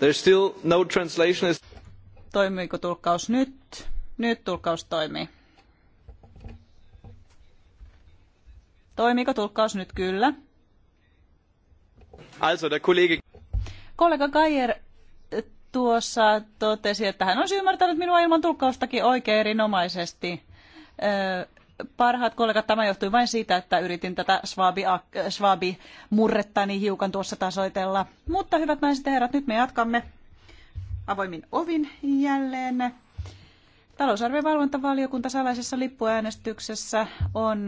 There's still no translation. Toimiiko tulkkaus nyt? Nyt tulkkaus toimii. Toimiiko tulkkaus nyt? Kyllä. Also, der Kollege... Kollega Kajer eh, tuossa totesi, että hän olisi ymmärtänyt minua ilman tulkkaustakin oikein erinomaisesti. Öö, parhaat kollegat, tämä johtui vain siitä, että yritin tätä Schwabi-murrettani äh, niin hiukan tuossa tasoitella. Mutta hyvät naiset ja herrat, nyt me jatkamme avoimin ovin jälleen. Talousarvion valvontavaliokunta salaisessa lippuäänestyksessä on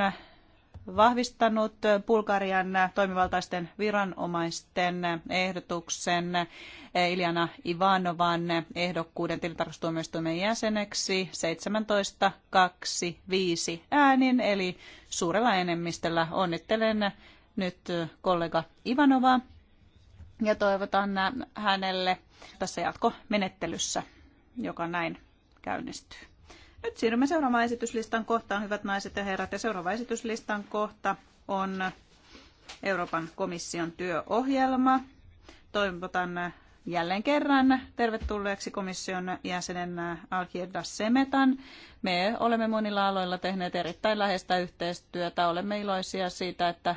vahvistanut Bulgarian toimivaltaisten viranomaisten ehdotuksen Iljana Ivanovan ehdokkuuden tilintarkastustuomioistuimen jäseneksi 17.25 äänin, eli suurella enemmistöllä onnittelen nyt kollega Ivanovaa ja toivotan hänelle tässä jatkomenettelyssä, joka näin käynnistyy. Nyt siirrymme seuraavaan esityslistan kohtaan, hyvät naiset ja herrat. Ja seuraava esityslistan kohta on Euroopan komission työohjelma. Toivotan jälleen kerran tervetulleeksi komission jäsenen Alhirda Semetan. Me olemme monilla aloilla tehneet erittäin läheistä yhteistyötä. Olemme iloisia siitä, että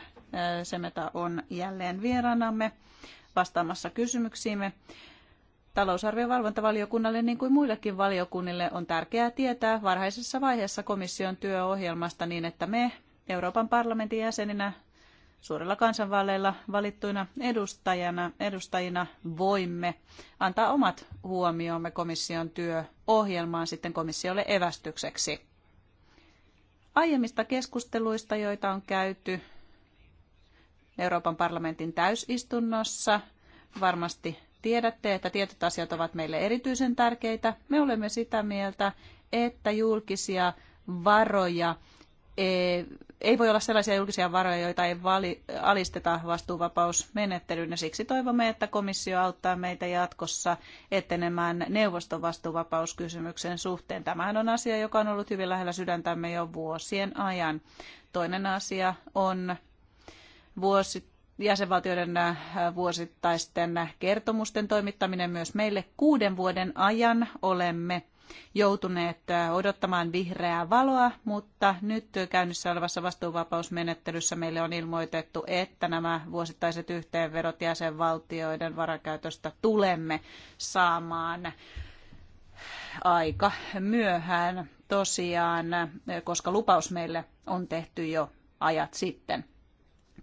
Semeta on jälleen vieraanamme vastaamassa kysymyksiimme talousarvion valvontavaliokunnalle niin kuin muillekin valiokunnille on tärkeää tietää varhaisessa vaiheessa komission työohjelmasta niin, että me Euroopan parlamentin jäseninä suurella kansanvaaleilla valittuina edustajana, edustajina voimme antaa omat huomiomme komission työohjelmaan sitten komissiolle evästykseksi. Aiemmista keskusteluista, joita on käyty Euroopan parlamentin täysistunnossa, varmasti tiedätte, että tietyt asiat ovat meille erityisen tärkeitä. Me olemme sitä mieltä, että julkisia varoja e, ei voi olla sellaisia julkisia varoja, joita ei vali, alisteta vastuuvapausmenettelyyn. Ja siksi toivomme, että komissio auttaa meitä jatkossa etenemään neuvoston vastuuvapauskysymyksen suhteen. Tämähän on asia, joka on ollut hyvin lähellä sydäntämme jo vuosien ajan. Toinen asia on vuosittain jäsenvaltioiden äh, vuosittaisten kertomusten toimittaminen myös meille. Kuuden vuoden ajan olemme joutuneet äh, odottamaan vihreää valoa, mutta nyt käynnissä olevassa vastuuvapausmenettelyssä meille on ilmoitettu, että nämä vuosittaiset yhteenvedot jäsenvaltioiden varakäytöstä tulemme saamaan aika myöhään tosiaan, koska lupaus meille on tehty jo ajat sitten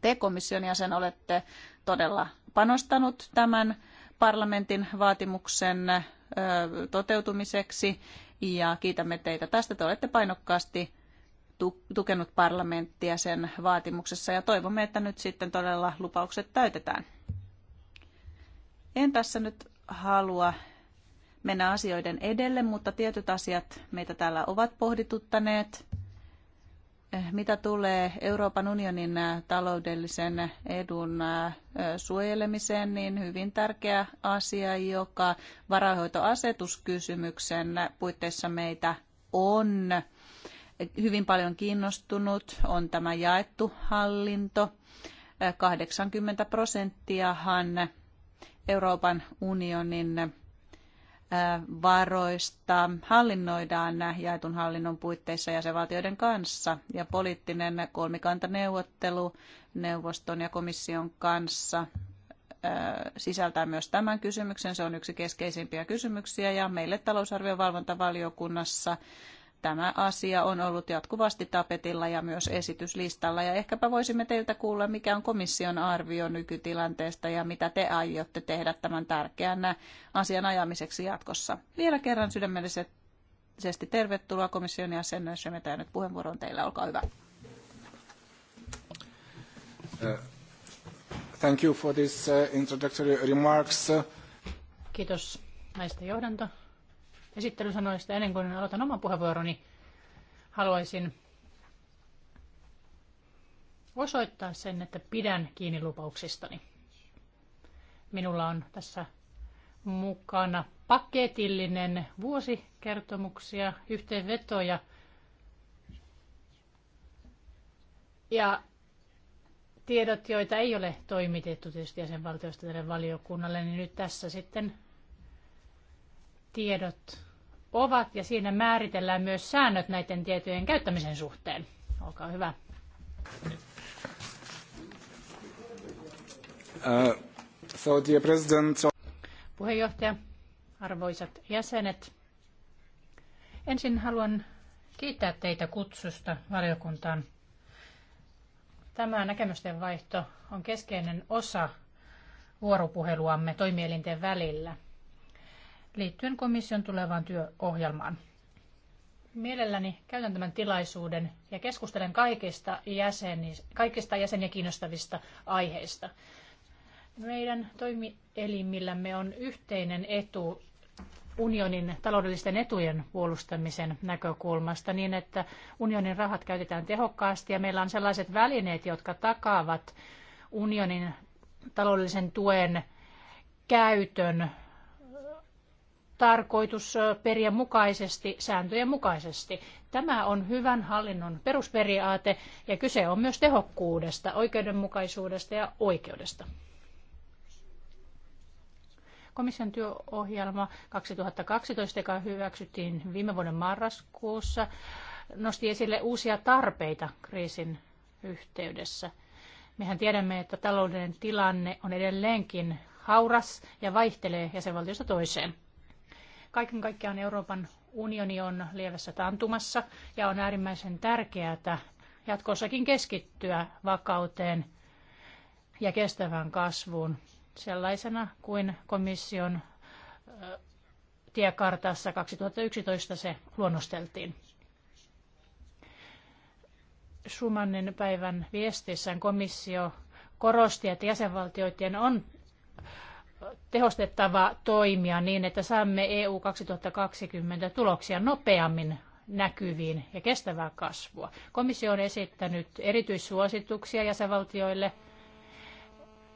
te komission jäsen olette todella panostanut tämän parlamentin vaatimuksen toteutumiseksi ja kiitämme teitä tästä. Te olette painokkaasti tukenut parlamenttia sen vaatimuksessa ja toivomme, että nyt sitten todella lupaukset täytetään. En tässä nyt halua mennä asioiden edelle, mutta tietyt asiat meitä täällä ovat pohdituttaneet. Eh, mitä tulee Euroopan unionin eh, taloudellisen eh, edun suojelemiseen, niin hyvin tärkeä asia, joka varainhoitoasetuskysymyksen puitteissa meitä on hyvin paljon kiinnostunut, on tämä jaettu hallinto. 80 prosenttiahan Euroopan unionin varoista hallinnoidaan jaetun hallinnon puitteissa jäsenvaltioiden kanssa ja poliittinen kolmikantaneuvottelu neuvoston ja komission kanssa sisältää myös tämän kysymyksen. Se on yksi keskeisimpiä kysymyksiä ja meille talousarvion valvontavaliokunnassa tämä asia on ollut jatkuvasti tapetilla ja myös esityslistalla. Ja ehkäpä voisimme teiltä kuulla, mikä on komission arvio nykytilanteesta ja mitä te aiotte tehdä tämän tärkeän asian ajamiseksi jatkossa. Vielä kerran sydämellisesti tervetuloa komission jäsen Semetä nyt on teillä. Olkaa hyvä. Uh, thank you for this uh, introductory remarks. Kiitos näistä johdantokommenteista esittelysanoista. Ennen kuin aloitan oman puheenvuoroni, haluaisin osoittaa sen, että pidän kiinni lupauksistani. Minulla on tässä mukana paketillinen vuosikertomuksia, yhteenvetoja. Ja tiedot, joita ei ole toimitettu tietysti jäsenvaltiosta tälle valiokunnalle, niin nyt tässä sitten tiedot ovat ja siinä määritellään myös säännöt näiden tietojen käyttämisen suhteen. Olkaa hyvä. Uh, so dear president, so... Puheenjohtaja, arvoisat jäsenet. Ensin haluan kiittää teitä kutsusta valiokuntaan. Tämä näkemysten vaihto on keskeinen osa vuoropuheluamme toimielinten välillä – liittyen komission tulevaan työohjelmaan. Mielelläni käytän tämän tilaisuuden ja keskustelen kaikista, jäseni, kaikista jäseniä kiinnostavista aiheista. Meidän toimielimillämme on yhteinen etu unionin taloudellisten etujen puolustamisen näkökulmasta niin, että unionin rahat käytetään tehokkaasti ja meillä on sellaiset välineet, jotka takaavat unionin taloudellisen tuen käytön Tarkoitus periä mukaisesti, sääntöjen mukaisesti. Tämä on hyvän hallinnon perusperiaate ja kyse on myös tehokkuudesta, oikeudenmukaisuudesta ja oikeudesta. Komission työohjelma 2012, joka hyväksyttiin viime vuoden marraskuussa, nosti esille uusia tarpeita kriisin yhteydessä. Mehän tiedämme, että taloudellinen tilanne on edelleenkin hauras ja vaihtelee jäsenvaltiosta toiseen. Kaiken kaikkiaan Euroopan unioni on lievässä tantumassa ja on äärimmäisen tärkeää jatkossakin keskittyä vakauteen ja kestävään kasvuun sellaisena kuin komission tiekartassa 2011 se luonnosteltiin. Sumannin päivän viestissään komissio korosti, että jäsenvaltioiden on tehostettava toimia niin, että saamme EU 2020 tuloksia nopeammin näkyviin ja kestävää kasvua. Komissio on esittänyt erityissuosituksia jäsenvaltioille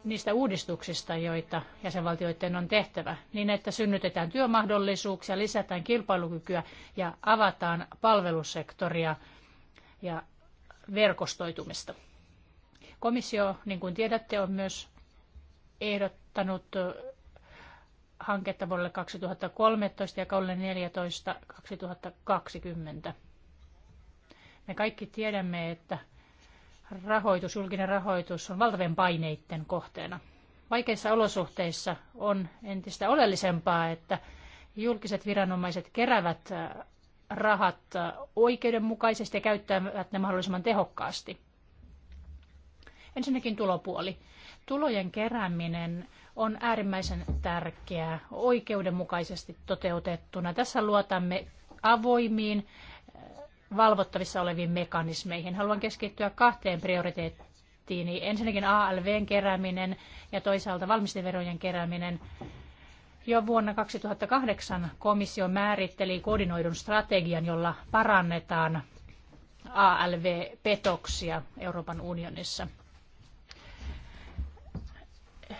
niistä uudistuksista, joita jäsenvaltioiden on tehtävä, niin että synnytetään työmahdollisuuksia, lisätään kilpailukykyä ja avataan palvelusektoria ja verkostoitumista. Komissio, niin kuin tiedätte, on myös ehdottanut aloittanut hanketta vuodelle 2013 ja kaudelle 2014 2020. Me kaikki tiedämme, että rahoitus, julkinen rahoitus on valtavien paineiden kohteena. Vaikeissa olosuhteissa on entistä oleellisempaa, että julkiset viranomaiset kerävät rahat oikeudenmukaisesti ja käyttävät ne mahdollisimman tehokkaasti. Ensinnäkin tulopuoli. Tulojen kerääminen on äärimmäisen tärkeää oikeudenmukaisesti toteutettuna. Tässä luotamme avoimiin valvottavissa oleviin mekanismeihin. Haluan keskittyä kahteen prioriteettiin. Ensinnäkin ALVn kerääminen ja toisaalta valmisteverojen kerääminen. Jo vuonna 2008 komissio määritteli koordinoidun strategian, jolla parannetaan ALV-petoksia Euroopan unionissa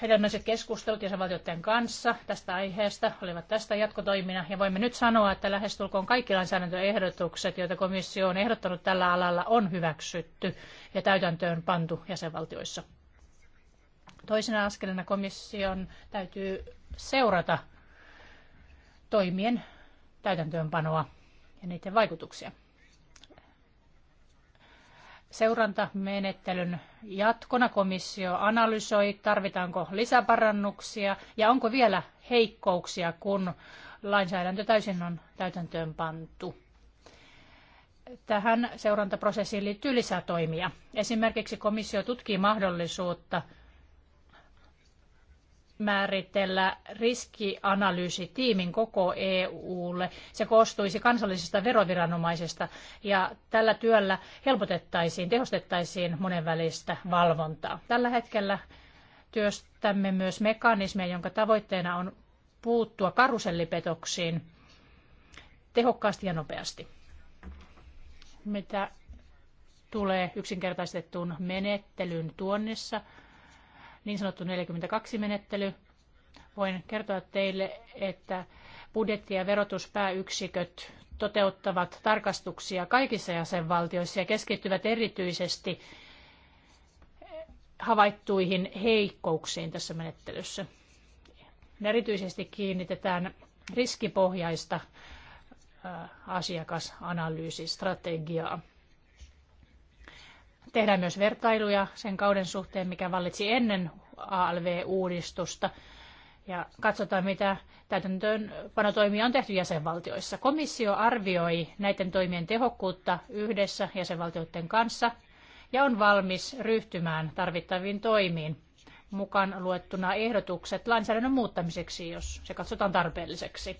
hedelmälliset keskustelut jäsenvaltioiden kanssa tästä aiheesta olivat tästä jatkotoimina. Ja voimme nyt sanoa, että lähestulkoon kaikki lainsäädäntöehdotukset, joita komissio on ehdottanut tällä alalla, on hyväksytty ja täytäntöön pantu jäsenvaltioissa. Toisena askeleena komission täytyy seurata toimien täytäntöönpanoa ja niiden vaikutuksia. Seurantamenettelyn jatkona komissio analysoi, tarvitaanko lisäparannuksia ja onko vielä heikkouksia, kun lainsäädäntö täysin on täytäntöön pantu. Tähän seurantaprosessiin liittyy lisätoimia. Esimerkiksi komissio tutkii mahdollisuutta määritellä riskianalyysitiimin koko EUlle. Se koostuisi kansallisista veroviranomaisista ja tällä työllä helpotettaisiin, tehostettaisiin monenvälistä valvontaa. Tällä hetkellä työstämme myös mekanismia, jonka tavoitteena on puuttua karusellipetoksiin tehokkaasti ja nopeasti. Mitä tulee yksinkertaistettuun menettelyyn tuonnissa – niin sanottu 42-menettely. Voin kertoa teille, että budjetti- ja verotuspääyksiköt toteuttavat tarkastuksia kaikissa jäsenvaltioissa ja keskittyvät erityisesti havaittuihin heikkouksiin tässä menettelyssä. Erityisesti kiinnitetään riskipohjaista strategiaa Tehdään myös vertailuja sen kauden suhteen, mikä vallitsi ennen ALV-uudistusta ja katsotaan, mitä täytäntöönpanotoimia on tehty jäsenvaltioissa. Komissio arvioi näiden toimien tehokkuutta yhdessä jäsenvaltioiden kanssa ja on valmis ryhtymään tarvittaviin toimiin mukaan luettuna ehdotukset lainsäädännön muuttamiseksi, jos se katsotaan tarpeelliseksi.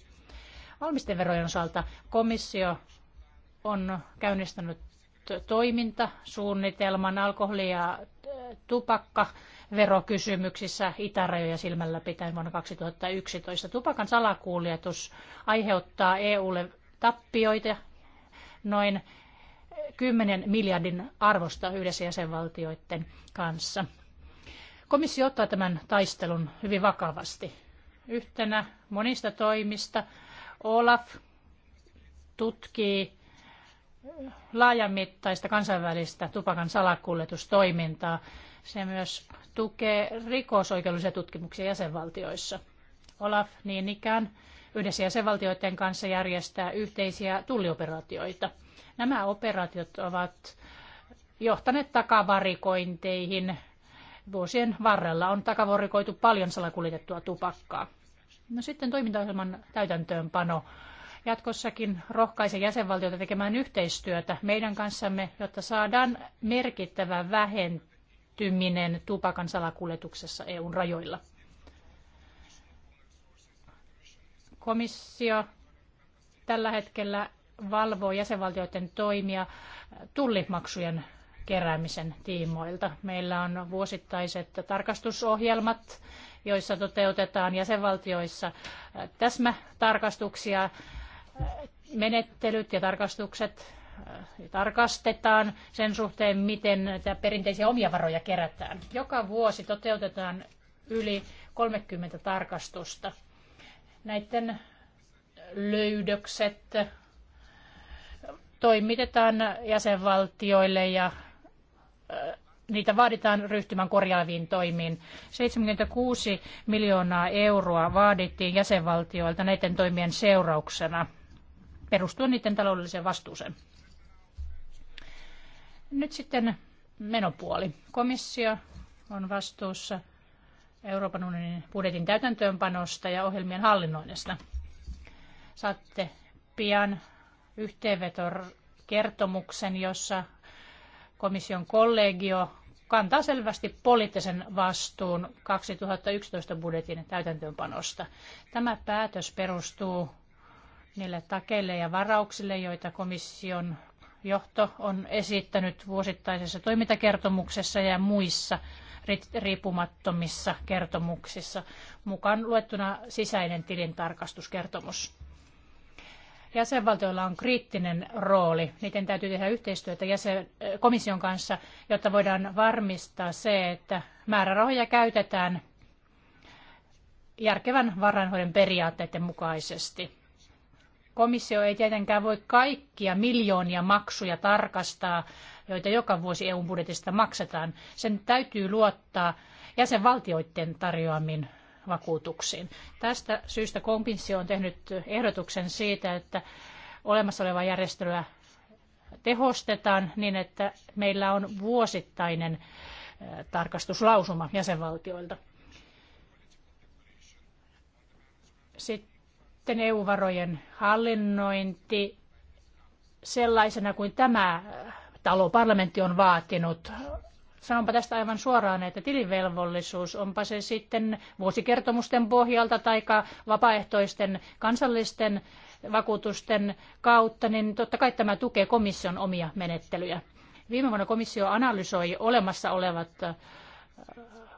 verojen osalta komissio on käynnistänyt suunnitelman alkoholi- ja äh, tupakka verokysymyksissä itärajoja silmällä pitäen vuonna 2011. Tupakan salakuljetus aiheuttaa EUlle tappioita noin 10 miljardin arvosta yhdessä jäsenvaltioiden kanssa. Komissio ottaa tämän taistelun hyvin vakavasti. Yhtenä monista toimista Olaf tutkii laajamittaista kansainvälistä tupakan salakuljetustoimintaa. Se myös tukee rikosoikeudellisia tutkimuksia jäsenvaltioissa. Olaf niin ikään yhdessä jäsenvaltioiden kanssa järjestää yhteisiä tullioperaatioita. Nämä operaatiot ovat johtaneet takavarikointeihin. Vuosien varrella on takavarikoitu paljon salakuljetettua tupakkaa. No sitten toimintaohjelman täytäntöönpano jatkossakin rohkaise jäsenvaltioita tekemään yhteistyötä meidän kanssamme, jotta saadaan merkittävä vähentyminen tupakan salakuljetuksessa EUn rajoilla. Komissio tällä hetkellä valvoo jäsenvaltioiden toimia tullimaksujen keräämisen tiimoilta. Meillä on vuosittaiset tarkastusohjelmat, joissa toteutetaan jäsenvaltioissa täsmätarkastuksia menettelyt ja tarkastukset äh, tarkastetaan sen suhteen, miten näitä perinteisiä omia varoja kerätään. Joka vuosi toteutetaan yli 30 tarkastusta. Näiden löydökset toimitetaan jäsenvaltioille ja äh, niitä vaaditaan ryhtymään korjaaviin toimiin. 76 miljoonaa euroa vaadittiin jäsenvaltioilta näiden toimien seurauksena perustuen niiden taloudelliseen vastuuseen. Nyt sitten menopuoli. Komissio on vastuussa Euroopan unionin budjetin täytäntöönpanosta ja ohjelmien hallinnoinnista. Saatte pian yhteenveton kertomuksen, jossa komission kollegio kantaa selvästi poliittisen vastuun 2011 budjetin täytäntöönpanosta. Tämä päätös perustuu niille takeille ja varauksille, joita komission johto on esittänyt vuosittaisessa toimintakertomuksessa ja muissa riippumattomissa kertomuksissa, mukaan luettuna sisäinen tilintarkastuskertomus. Jäsenvaltioilla on kriittinen rooli. Niiden täytyy tehdä yhteistyötä jäsen, eh, komission kanssa, jotta voidaan varmistaa se, että määrärahoja käytetään järkevän varainhoidon periaatteiden mukaisesti. Komissio ei tietenkään voi kaikkia miljoonia maksuja tarkastaa, joita joka vuosi EUn budjetista maksetaan. Sen täytyy luottaa jäsenvaltioiden tarjoamiin vakuutuksiin. Tästä syystä komissio on tehnyt ehdotuksen siitä, että olemassa olevaa järjestelyä tehostetaan niin, että meillä on vuosittainen tarkastuslausuma jäsenvaltioilta. Sitten sitten EU-varojen hallinnointi sellaisena kuin tämä äh, talo, parlamentti on vaatinut. Sanonpa tästä aivan suoraan, että tilivelvollisuus, onpa se sitten vuosikertomusten pohjalta tai vapaaehtoisten kansallisten vakuutusten kautta, niin totta kai tämä tukee komission omia menettelyjä. Viime vuonna komissio analysoi olemassa olevat äh,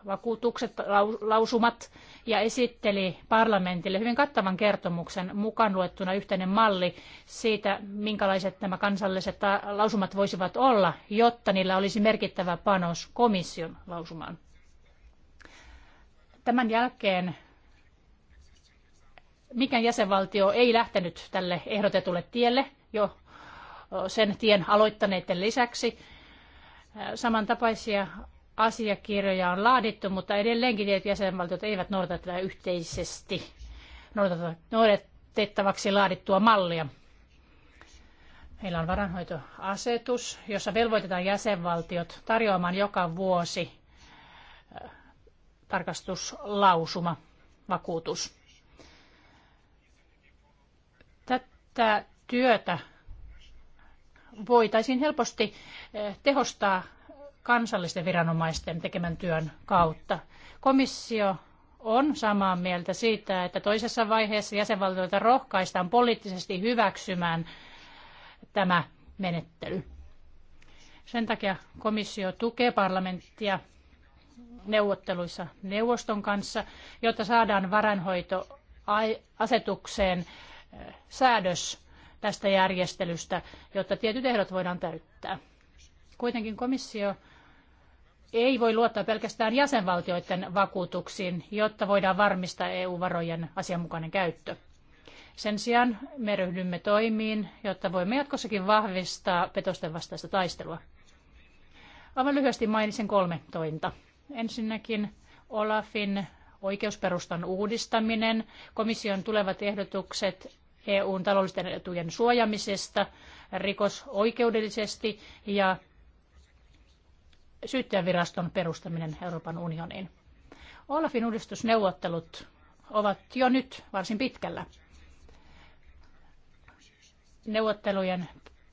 vakuutukset, lausumat ja esitteli parlamentille hyvin kattavan kertomuksen mukaan luettuna yhteinen malli siitä, minkälaiset nämä kansalliset äh, lausumat voisivat olla, jotta niillä olisi merkittävä panos komission lausumaan. Tämän jälkeen mikään jäsenvaltio ei lähtenyt tälle ehdotetulle tielle jo sen tien aloittaneiden lisäksi. Äh, samantapaisia asiakirjoja on laadittu, mutta edelleenkin tietyt jäsenvaltiot eivät noudata tätä yhteisesti noudatettavaksi laadittua mallia. Meillä on varanhoitoasetus, jossa velvoitetaan jäsenvaltiot tarjoamaan joka vuosi tarkastuslausuma, vakuutus. Tätä työtä voitaisiin helposti tehostaa kansallisten viranomaisten tekemän työn kautta. Komissio on samaa mieltä siitä, että toisessa vaiheessa jäsenvaltioita rohkaistaan poliittisesti hyväksymään tämä menettely. Sen takia komissio tukee parlamenttia neuvotteluissa neuvoston kanssa, jotta saadaan varainhoitoasetukseen eh, säädös tästä järjestelystä, jotta tietyt ehdot voidaan täyttää. Kuitenkin komissio ei voi luottaa pelkästään jäsenvaltioiden vakuutuksiin, jotta voidaan varmistaa EU-varojen asianmukainen käyttö. Sen sijaan me ryhdymme toimiin, jotta voimme jatkossakin vahvistaa petosten vastaista taistelua. Aivan lyhyesti mainitsen kolme tointa. Ensinnäkin Olafin oikeusperustan uudistaminen, komission tulevat ehdotukset EUn taloudellisten etujen suojamisesta rikosoikeudellisesti ja syyttäjäviraston perustaminen Euroopan unioniin. Olafin uudistusneuvottelut ovat jo nyt varsin pitkällä. Neuvottelujen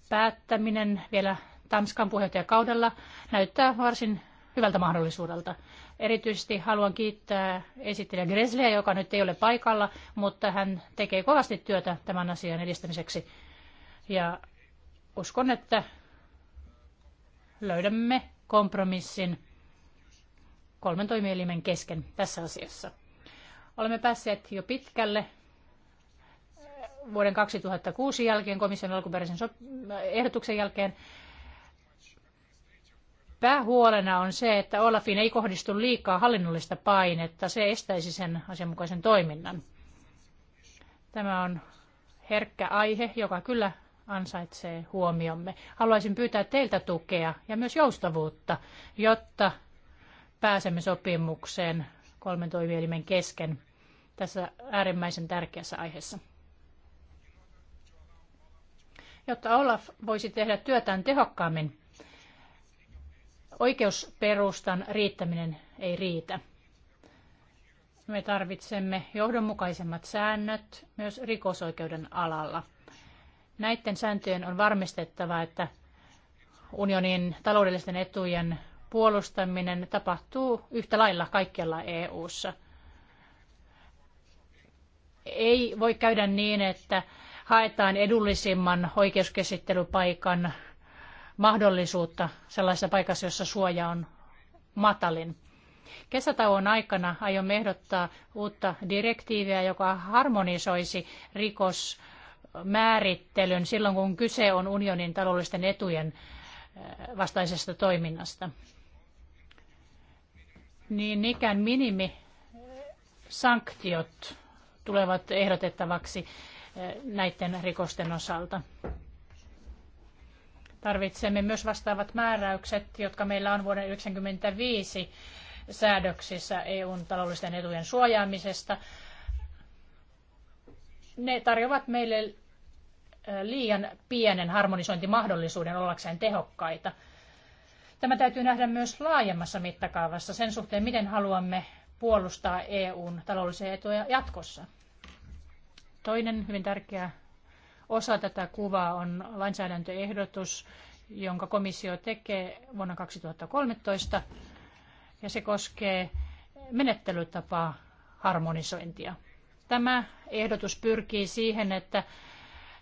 päättäminen vielä Tanskan puheenjohtajakaudella näyttää varsin hyvältä mahdollisuudelta. Erityisesti haluan kiittää esittelijä Gresliä, joka nyt ei ole paikalla, mutta hän tekee kovasti työtä tämän asian edistämiseksi. Ja uskon, että löydämme kompromissin kolmen toimielimen kesken tässä asiassa. Olemme päässeet jo pitkälle vuoden 2006 jälkeen, komission alkuperäisen ehdotuksen jälkeen. Päähuolena on se, että Olafin ei kohdistu liikaa hallinnollista painetta. Se estäisi sen asianmukaisen toiminnan. Tämä on herkkä aihe, joka kyllä ansaitsee huomiomme. Haluaisin pyytää teiltä tukea ja myös joustavuutta, jotta pääsemme sopimukseen kolmen toimielimen kesken tässä äärimmäisen tärkeässä aiheessa. Jotta Olaf voisi tehdä työtään tehokkaammin, oikeusperustan riittäminen ei riitä. Me tarvitsemme johdonmukaisemmat säännöt myös rikosoikeuden alalla – Näiden sääntöjen on varmistettava, että unionin taloudellisten etujen puolustaminen tapahtuu yhtä lailla kaikkialla EU:ssa. Ei voi käydä niin, että haetaan edullisimman oikeuskäsittelypaikan mahdollisuutta sellaisessa paikassa, jossa suoja on matalin. Kesätauon aikana aion ehdottaa uutta direktiiviä, joka harmonisoisi rikos- määrittelyn silloin, kun kyse on unionin taloudellisten etujen eh, vastaisesta toiminnasta. Niin ikään minimisanktiot eh, tulevat ehdotettavaksi eh, näiden rikosten osalta. Tarvitsemme myös vastaavat määräykset, jotka meillä on vuoden 1995 säädöksissä EUn taloudellisten etujen suojaamisesta. Ne tarjoavat meille liian pienen harmonisointimahdollisuuden ollakseen tehokkaita. Tämä täytyy nähdä myös laajemmassa mittakaavassa sen suhteen, miten haluamme puolustaa EUn taloudellisia etuja jatkossa. Toinen hyvin tärkeä osa tätä kuvaa on lainsäädäntöehdotus, jonka komissio tekee vuonna 2013, ja se koskee menettelytapaa harmonisointia. Tämä ehdotus pyrkii siihen, että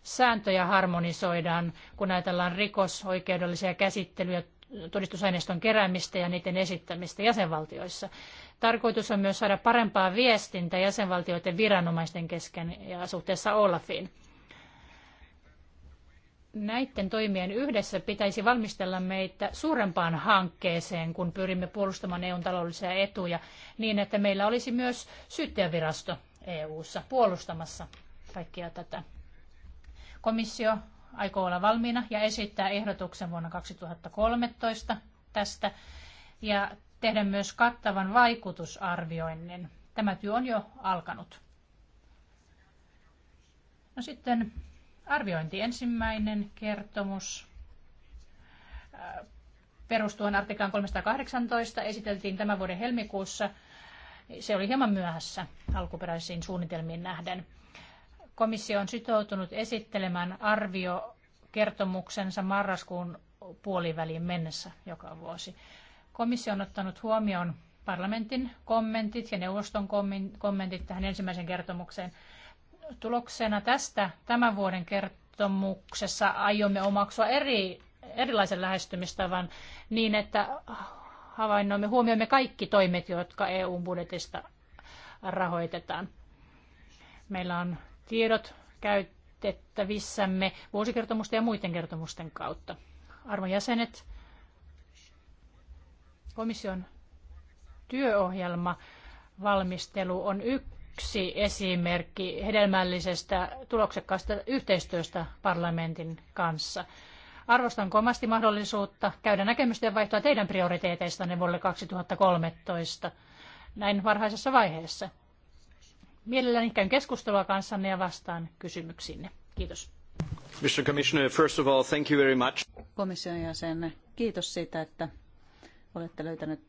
sääntöjä harmonisoidaan, kun ajatellaan rikosoikeudellisia käsittelyjä, todistusaineiston keräämistä ja niiden esittämistä jäsenvaltioissa. Tarkoitus on myös saada parempaa viestintää jäsenvaltioiden viranomaisten kesken ja suhteessa Olafiin. Näiden toimien yhdessä pitäisi valmistella meitä suurempaan hankkeeseen, kun pyrimme puolustamaan EUn taloudellisia etuja, niin että meillä olisi myös syyttäjävirasto EUssa puolustamassa kaikkia tätä. Komissio aikoo olla valmiina ja esittää ehdotuksen vuonna 2013 tästä ja tehdä myös kattavan vaikutusarvioinnin. Tämä työ on jo alkanut. No sitten arviointi ensimmäinen kertomus äh, perustuen artiklaan 318 esiteltiin tämän vuoden helmikuussa. Se oli hieman myöhässä alkuperäisiin suunnitelmiin nähden. Komissio on sitoutunut esittelemään arvio kertomuksensa marraskuun puoliväliin mennessä joka vuosi. Komissio on ottanut huomioon parlamentin kommentit ja neuvoston kommentit tähän ensimmäiseen kertomukseen. Tuloksena tästä tämän vuoden kertomuksessa aiomme omaksua eri, erilaisen lähestymistavan niin, että havainnoimme, huomioimme kaikki toimet, jotka EU-budjetista rahoitetaan. Meillä on tiedot käytettävissämme vuosikertomusten ja muiden kertomusten kautta. Arvon jäsenet, komission työohjelma valmistelu on yksi esimerkki hedelmällisestä tuloksekkaasta yhteistyöstä parlamentin kanssa. Arvostan komasti mahdollisuutta käydä näkemysten vaihtoa teidän prioriteeteistanne vuodelle 2013 näin varhaisessa vaiheessa. Mielelläni käyn keskustelua kanssanne ja vastaan kysymyksiinne. Kiitos. Mr. Commissioner, first of all, thank you very much. Komission jäsen, kiitos siitä, että olette löytänyt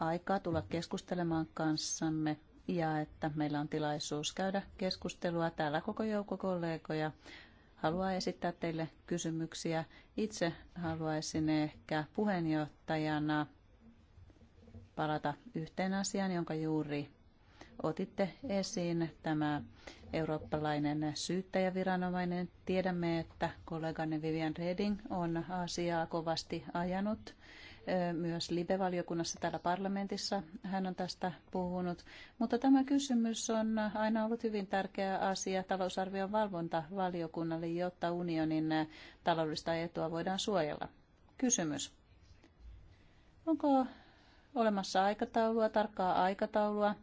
aikaa tulla keskustelemaan kanssamme ja että meillä on tilaisuus käydä keskustelua. Täällä koko joukko kollegoja haluaa esittää teille kysymyksiä. Itse haluaisin ehkä puheenjohtajana palata yhteen asiaan, jonka juuri otitte esiin tämä eurooppalainen syyttäjäviranomainen. Tiedämme, että kolleganne Vivian Reding on asiaa kovasti ajanut. Myös Libe-valiokunnassa täällä parlamentissa hän on tästä puhunut. Mutta tämä kysymys on aina ollut hyvin tärkeä asia talousarvion valvontavaliokunnalle, jotta unionin taloudellista etua voidaan suojella. Kysymys. Onko olemassa aikataulua, tarkkaa aikataulua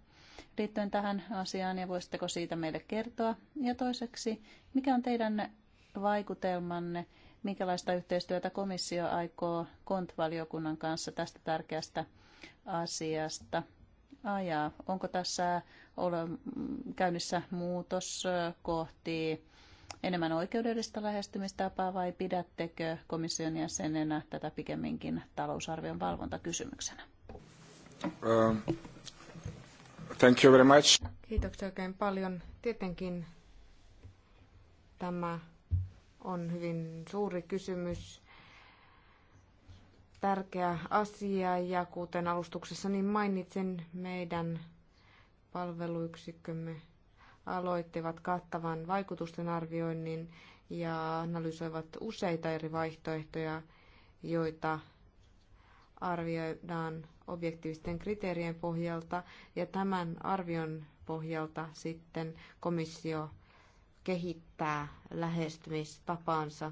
liittyen tähän asiaan ja voisitteko siitä meille kertoa? Ja toiseksi, mikä on teidän vaikutelmanne, minkälaista yhteistyötä komissio aikoo kontvaliokunnan kanssa tästä tärkeästä asiasta ajaa? Onko tässä käynnissä muutos kohti enemmän oikeudellista lähestymistapaa vai pidättekö komission jäsenenä tätä pikemminkin talousarvion valvontakysymyksenä? Ähm, Thank you very much. Kiitoksia oikein paljon. Tietenkin tämä on hyvin suuri kysymys, tärkeä asia ja kuten alustuksessa niin mainitsin, meidän palveluyksikkömme aloittivat kattavan vaikutusten arvioinnin ja analysoivat useita eri vaihtoehtoja, joita arvioidaan objektiivisten kriteerien pohjalta ja tämän arvion pohjalta sitten komissio kehittää lähestymistapaansa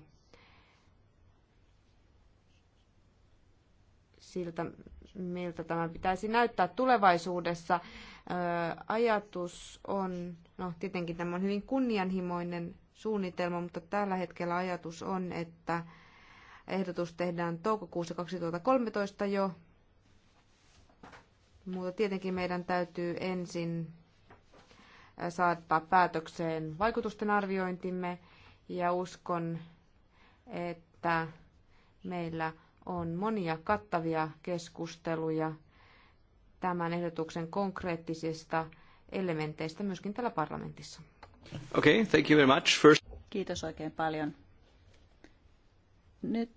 siltä, miltä tämä pitäisi näyttää tulevaisuudessa. Ajatus on, no tietenkin tämä on hyvin kunnianhimoinen suunnitelma, mutta tällä hetkellä ajatus on, että ehdotus tehdään toukokuussa 2013 jo mutta tietenkin meidän täytyy ensin saattaa päätökseen vaikutusten arviointimme ja uskon, että meillä on monia kattavia keskusteluja tämän ehdotuksen konkreettisista elementeistä myöskin täällä parlamentissa. Okay, thank you very much. First... Kiitos oikein paljon. Nyt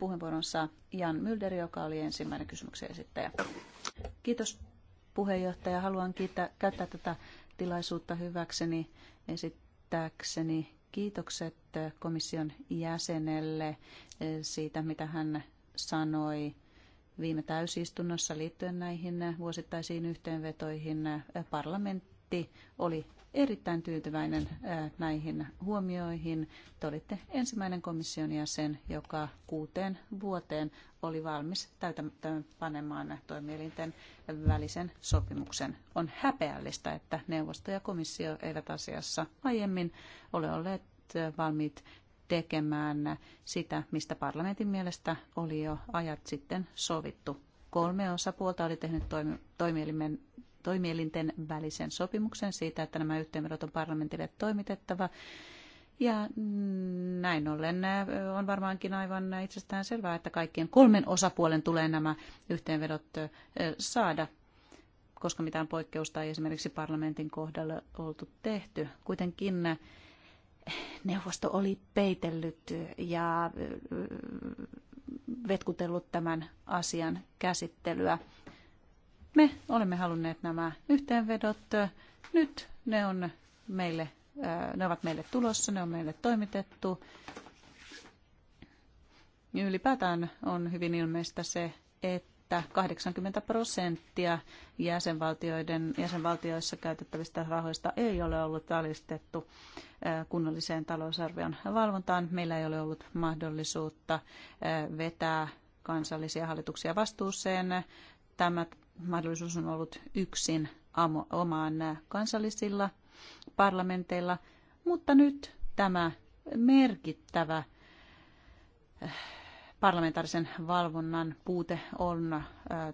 puheenvuoron saa Jan Mylder, joka oli ensimmäinen kysymyksen esittäjä. Kiitos puheenjohtaja. Haluan kiittää, käyttää tätä tilaisuutta hyväkseni esittääkseni kiitokset komission jäsenelle siitä, mitä hän sanoi viime täysistunnossa liittyen näihin vuosittaisiin yhteenvetoihin. Parlamentti oli erittäin tyytyväinen näihin huomioihin. Te olitte ensimmäinen komission jäsen, joka kuuteen vuoteen oli valmis täytäntöön panemaan toimielinten välisen sopimuksen. On häpeällistä, että neuvosto ja komissio eivät asiassa aiemmin ole olleet valmiit tekemään sitä, mistä parlamentin mielestä oli jo ajat sitten sovittu. Kolme osapuolta oli tehnyt toimi- toimielimen toimielinten välisen sopimuksen siitä, että nämä yhteenvedot on parlamentille toimitettava. Ja näin ollen äh, on varmaankin aivan itsestään selvää, että kaikkien kolmen osapuolen tulee nämä yhteenvedot äh, saada, koska mitään poikkeusta ei esimerkiksi parlamentin kohdalla oltu tehty. Kuitenkin äh, neuvosto oli peitellyt ja vetkutellut tämän asian käsittelyä me olemme halunneet nämä yhteenvedot. Nyt ne, on meille, äh, ne ovat meille tulossa, ne on meille toimitettu. Ylipäätään on hyvin ilmeistä se, että 80 prosenttia jäsenvaltioiden, jäsenvaltioissa käytettävistä rahoista ei ole ollut alistettu äh, kunnolliseen talousarvion valvontaan. Meillä ei ole ollut mahdollisuutta äh, vetää kansallisia hallituksia vastuuseen. Tämä mahdollisuus on ollut yksin omaan kansallisilla parlamenteilla, mutta nyt tämä merkittävä eh, parlamentaarisen valvonnan puute on eh,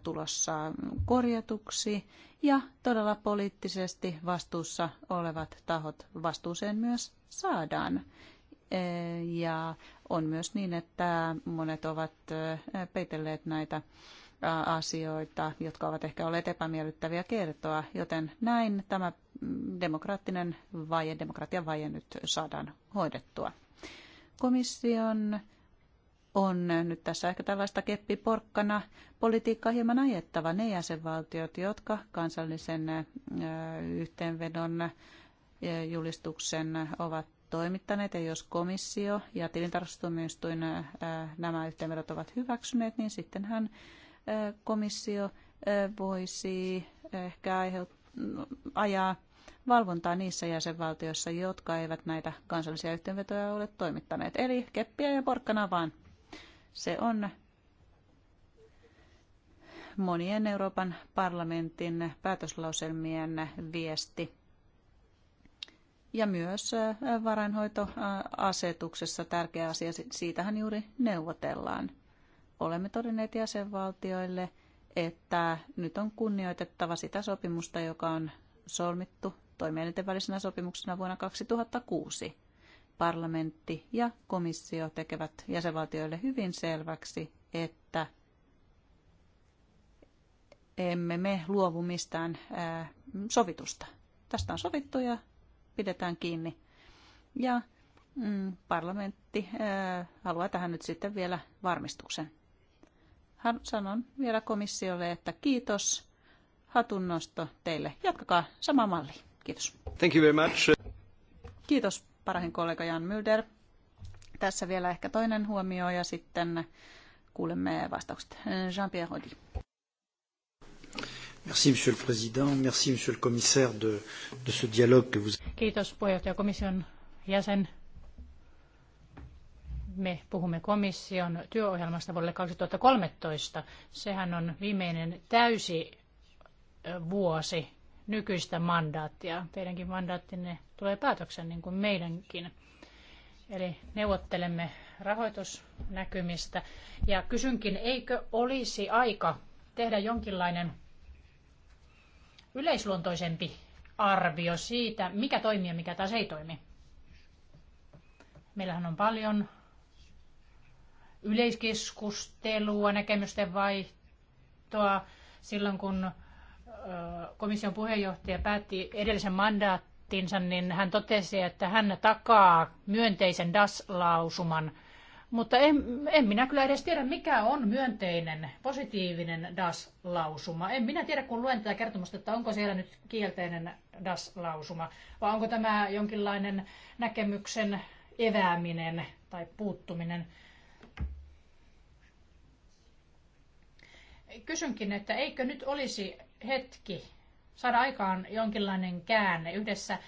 tulossa korjatuksi ja todella poliittisesti vastuussa olevat tahot vastuuseen myös saadaan. Eh, ja on myös niin, että monet ovat peitelleet näitä asioita, jotka ovat ehkä olleet epämiellyttäviä kertoa, joten näin tämä demokraattinen vaje, demokratian vaje nyt saadaan hoidettua. Komission on nyt tässä ehkä tällaista keppiporkkana politiikkaa hieman ajettava ne jäsenvaltiot, jotka kansallisen yhteenvedon julistuksen ovat toimittaneet ja jos komissio ja tilintarkastustuomioistuin nämä yhteenvedot ovat hyväksyneet, niin sittenhän komissio voisi ehkä aiheut- ajaa valvontaa niissä jäsenvaltioissa, jotka eivät näitä kansallisia yhteenvetoja ole toimittaneet. Eli keppiä ja porkkana vaan. Se on monien Euroopan parlamentin päätöslauselmien viesti. Ja myös varainhoitoasetuksessa tärkeä asia, siitähän juuri neuvotellaan olemme todenneet jäsenvaltioille, että nyt on kunnioitettava sitä sopimusta, joka on solmittu toimielinten välisenä sopimuksena vuonna 2006. Parlamentti ja komissio tekevät jäsenvaltioille hyvin selväksi, että emme me luovu mistään ää, sovitusta. Tästä on sovittu ja pidetään kiinni. Ja mm, parlamentti ää, haluaa tähän nyt sitten vielä varmistuksen hän sanon vielä komissiolle, että kiitos, hatunnosto teille. Jatkakaa sama malli. Kiitos. Thank you very much. Kiitos parahin kollega Jan Mylder. Tässä vielä ehkä toinen huomio ja sitten kuulemme vastaukset. Jean-Pierre Audi. Merci, Monsieur le Président. Merci, Monsieur le Commissaire, de, de ce dialogue que vous... Kiitos puheenjohtaja komission jäsen me puhumme komission työohjelmasta vuodelle 2013. Sehän on viimeinen täysi vuosi nykyistä mandaattia. Teidänkin mandaattinne tulee päätöksen niin kuin meidänkin. Eli neuvottelemme rahoitusnäkymistä. Ja kysynkin, eikö olisi aika tehdä jonkinlainen yleisluontoisempi arvio siitä, mikä toimii ja mikä taas ei toimi. Meillähän on paljon yleiskeskustelua, näkemysten vaihtoa silloin, kun komission puheenjohtaja päätti edellisen mandaattinsa, niin hän totesi, että hän takaa myönteisen DAS-lausuman. Mutta en, en minä kyllä edes tiedä, mikä on myönteinen, positiivinen DAS-lausuma. En minä tiedä, kun luen tätä kertomusta, että onko siellä nyt kielteinen DAS-lausuma, vai onko tämä jonkinlainen näkemyksen evääminen tai puuttuminen. kysynkin, että eikö nyt olisi hetki saada aikaan jonkinlainen käänne yhdessä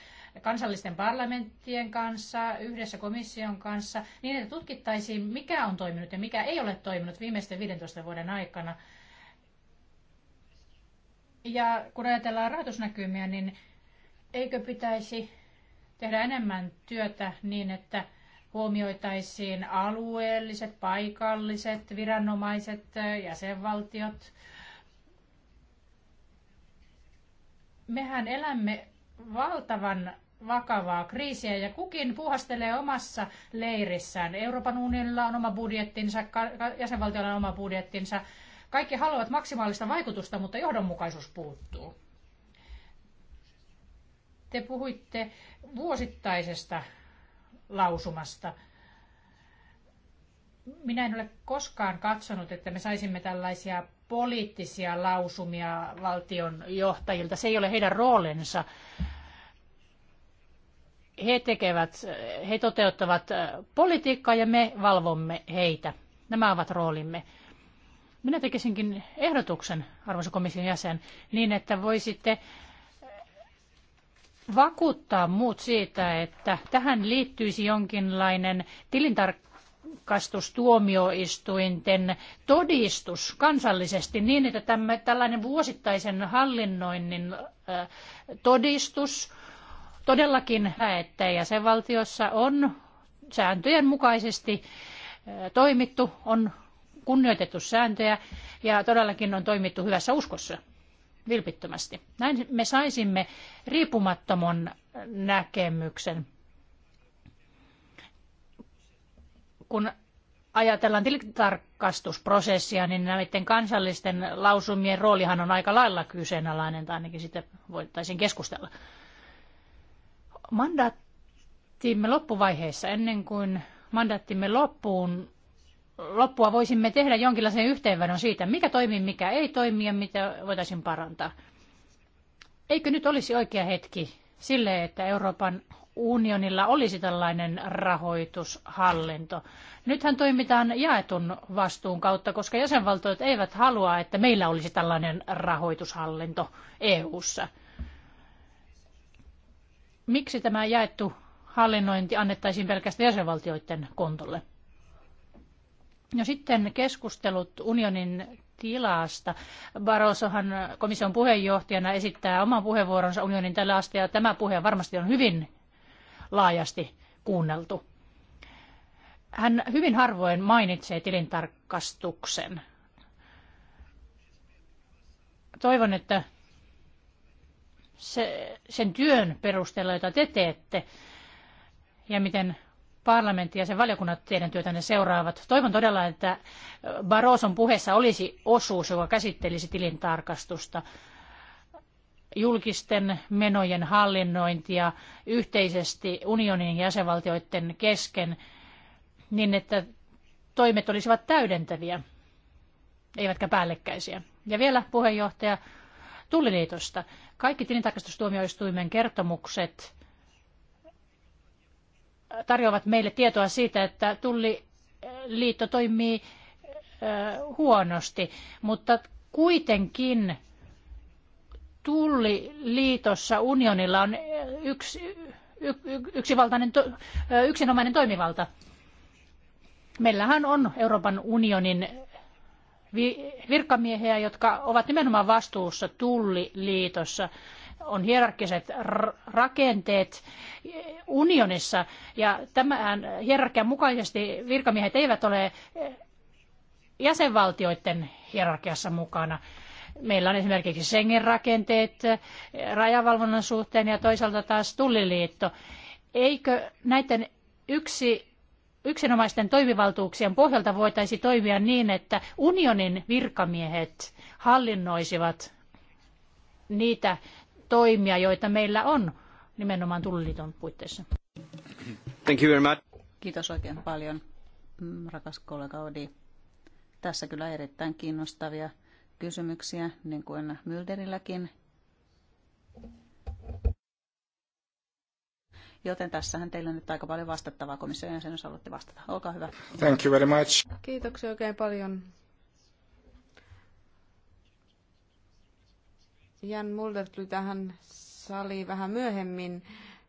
kansallisten parlamenttien kanssa, yhdessä komission kanssa, niin että tutkittaisiin, mikä on toiminut ja mikä ei ole toiminut viimeisten 15 vuoden aikana. Ja kun ajatellaan rahoitusnäkymiä, niin eikö pitäisi tehdä enemmän työtä niin, että – huomioitaisiin alueelliset, paikalliset, viranomaiset, jäsenvaltiot. Mehän elämme valtavan vakavaa kriisiä ja kukin puhastelee omassa leirissään. Euroopan unionilla on oma budjettinsa, jäsenvaltiolla on oma budjettinsa. Kaikki haluavat maksimaalista vaikutusta, mutta johdonmukaisuus puuttuu. Te puhuitte vuosittaisesta lausumasta. Minä en ole koskaan katsonut, että me saisimme tällaisia poliittisia lausumia valtion johtajilta. Se ei ole heidän roolinsa. He tekevät, he toteuttavat politiikkaa ja me valvomme heitä. Nämä ovat roolimme. Minä tekisinkin ehdotuksen, arvoisa komission jäsen, niin että voisitte vakuuttaa muut siitä, että tähän liittyisi jonkinlainen tilintarkastustuomioistuinten todistus kansallisesti niin, että tämä tällainen vuosittaisen hallinnoinnin todistus todellakin että jäsenvaltiossa on sääntöjen mukaisesti toimittu, on kunnioitettu sääntöjä ja todellakin on toimittu hyvässä uskossa vilpittömästi. Näin me saisimme riippumattoman näkemyksen. Kun ajatellaan tilintarkastusprosessia, niin näiden kansallisten lausumien roolihan on aika lailla kyseenalainen, tai ainakin sitä voitaisiin keskustella. Mandaattimme loppuvaiheessa, ennen kuin mandaattimme loppuun loppua voisimme tehdä jonkinlaisen yhteenvedon siitä, mikä toimii, mikä ei toimi ja mitä voitaisiin parantaa. Eikö nyt olisi oikea hetki sille, että Euroopan unionilla olisi tällainen rahoitushallinto? Nythän toimitaan jaetun vastuun kautta, koska jäsenvaltiot eivät halua, että meillä olisi tällainen rahoitushallinto EU:ssa. Miksi tämä jaettu hallinnointi annettaisiin pelkästään jäsenvaltioiden kontolle? No sitten keskustelut unionin tilasta. Barrosohan komission puheenjohtajana esittää oman puheenvuoronsa unionin asti, ja tämä puhe varmasti on hyvin laajasti kuunneltu. Hän hyvin harvoin mainitsee tilintarkastuksen. Toivon, että se, sen työn perusteella, jota te teette ja miten parlamentti ja sen valiokunnat teidän työtänne seuraavat. Toivon todella, että Baroson puheessa olisi osuus, joka käsittelisi tilintarkastusta, julkisten menojen hallinnointia yhteisesti unionin jäsenvaltioiden kesken, niin että toimet olisivat täydentäviä, eivätkä päällekkäisiä. Ja vielä puheenjohtaja Tulliliitosta. Kaikki tilintarkastustuomioistuimen kertomukset tarjoavat meille tietoa siitä, että tulliliitto toimii huonosti, mutta kuitenkin tulliliitossa unionilla on yksi, yksivaltainen, yksinomainen toimivalta. Meillähän on Euroopan unionin virkamiehiä, jotka ovat nimenomaan vastuussa tulliliitossa on hierarkkiset rakenteet unionissa ja tämän hierarkian mukaisesti virkamiehet eivät ole jäsenvaltioiden hierarkiassa mukana. Meillä on esimerkiksi Schengen-rakenteet rajavalvonnan suhteen ja toisaalta taas tulliliitto. Eikö näiden yksi yksinomaisten toimivaltuuksien pohjalta voitaisi toimia niin, että unionin virkamiehet hallinnoisivat niitä toimia, joita meillä on nimenomaan Tulliliiton puitteissa. Thank you very much. Kiitos oikein paljon, mm, rakas kollega Odi. Tässä kyllä erittäin kiinnostavia kysymyksiä, niin kuin Mylderilläkin. Joten tässähän teillä on nyt aika paljon vastattavaa komission jäsenys jos haluatte vastata. Olkaa hyvä. Thank you very much. Kiitoksia oikein paljon Jan Mulder tuli tähän saliin vähän myöhemmin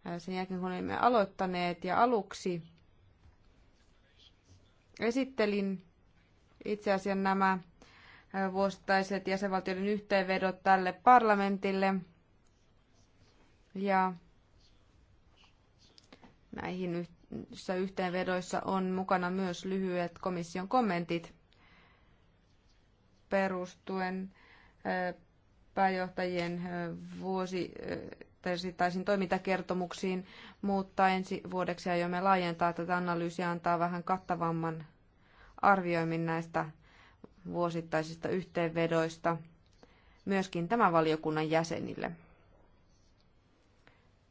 äh, sen jälkeen, kun olimme aloittaneet. Ja aluksi esittelin itse asiassa nämä äh, vuosittaiset jäsenvaltioiden yhteenvedot tälle parlamentille. Ja näihin yhteenvedoissa on mukana myös lyhyet komission kommentit perustuen äh, pääjohtajien vuosi taisin toimintakertomuksiin, mutta ensi vuodeksi aiomme laajentaa tätä analyysiä antaa vähän kattavamman arvioimin näistä vuosittaisista yhteenvedoista myöskin tämän valiokunnan jäsenille.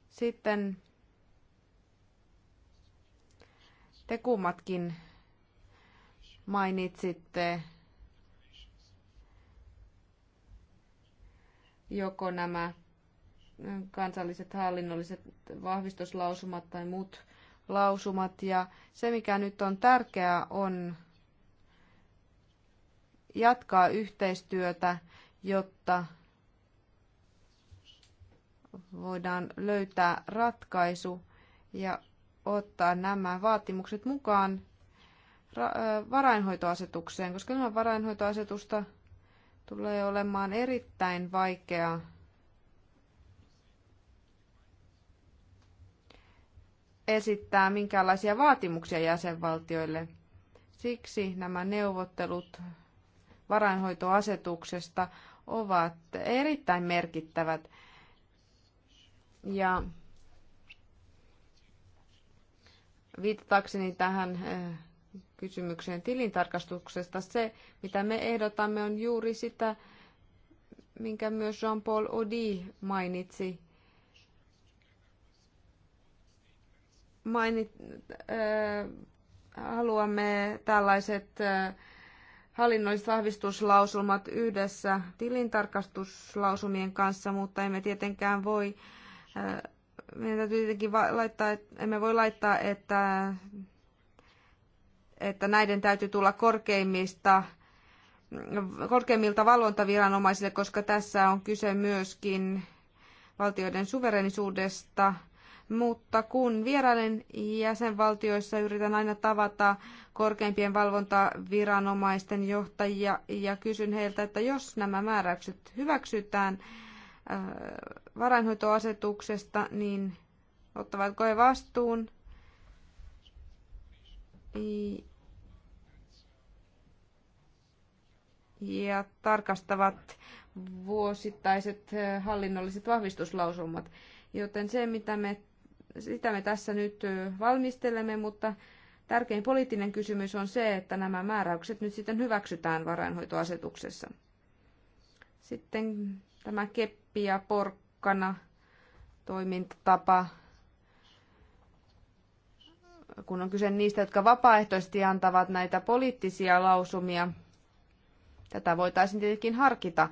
Sitten te kummatkin mainitsitte joko nämä kansalliset hallinnolliset vahvistuslausumat tai muut lausumat. Ja se, mikä nyt on tärkeää, on jatkaa yhteistyötä, jotta voidaan löytää ratkaisu ja ottaa nämä vaatimukset mukaan äh, varainhoitoasetukseen, koska ilman varainhoitoasetusta tulee olemaan erittäin vaikea esittää minkäänlaisia vaatimuksia jäsenvaltioille. Siksi nämä neuvottelut varainhoitoasetuksesta ovat erittäin merkittävät. Ja viitatakseni tähän eh, kysymykseen tilintarkastuksesta. Se, mitä me ehdotamme, on juuri sitä, minkä myös Jean-Paul Audi mainitsi. Mainit, äh, haluamme tällaiset äh, hallinnolliset vahvistuslausumat yhdessä tilintarkastuslausumien kanssa, mutta emme tietenkään voi, äh, meidän täytyy tietenkin laittaa, emme voi laittaa, että että näiden täytyy tulla korkeimmista korkeimmilta valvontaviranomaisille, koska tässä on kyse myöskin valtioiden suverenisuudesta. Mutta kun vierailen jäsenvaltioissa, yritän aina tavata korkeimpien valvontaviranomaisten johtajia ja kysyn heiltä, että jos nämä määräykset hyväksytään äh, varainhoitoasetuksesta, niin ottavatko he vastuun ja tarkastavat vuosittaiset eh, hallinnolliset vahvistuslausumat. Joten se, mitä me, sitä me tässä nyt eh, valmistelemme, mutta tärkein poliittinen kysymys on se, että nämä määräykset nyt sitten hyväksytään varainhoitoasetuksessa. Sitten tämä keppi ja porkkana toimintatapa kun on kyse niistä, jotka vapaaehtoisesti antavat näitä poliittisia lausumia. Tätä voitaisiin tietenkin harkita.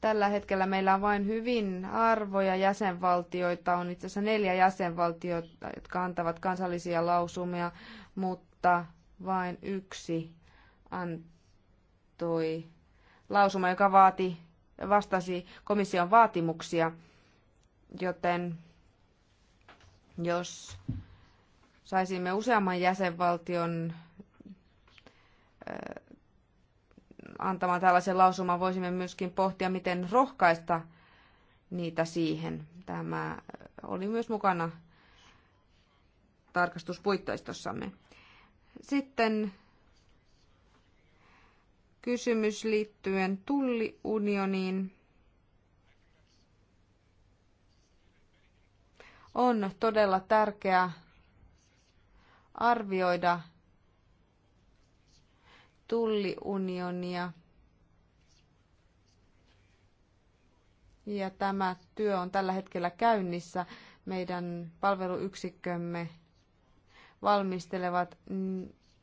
Tällä hetkellä meillä on vain hyvin arvoja jäsenvaltioita, on itse asiassa neljä jäsenvaltiota, jotka antavat kansallisia lausumia, mutta vain yksi antoi lausuma, joka vaati, vastasi komission vaatimuksia, joten jos saisimme useamman jäsenvaltion äh, antamaan tällaisen lausuman, voisimme myöskin pohtia, miten rohkaista niitä siihen. Tämä oli myös mukana tarkastuspuitteistossamme. Sitten kysymys liittyen tulliunioniin. On todella tärkeää arvioida tulliunionia. Ja tämä työ on tällä hetkellä käynnissä. Meidän palveluyksikkömme valmistelevat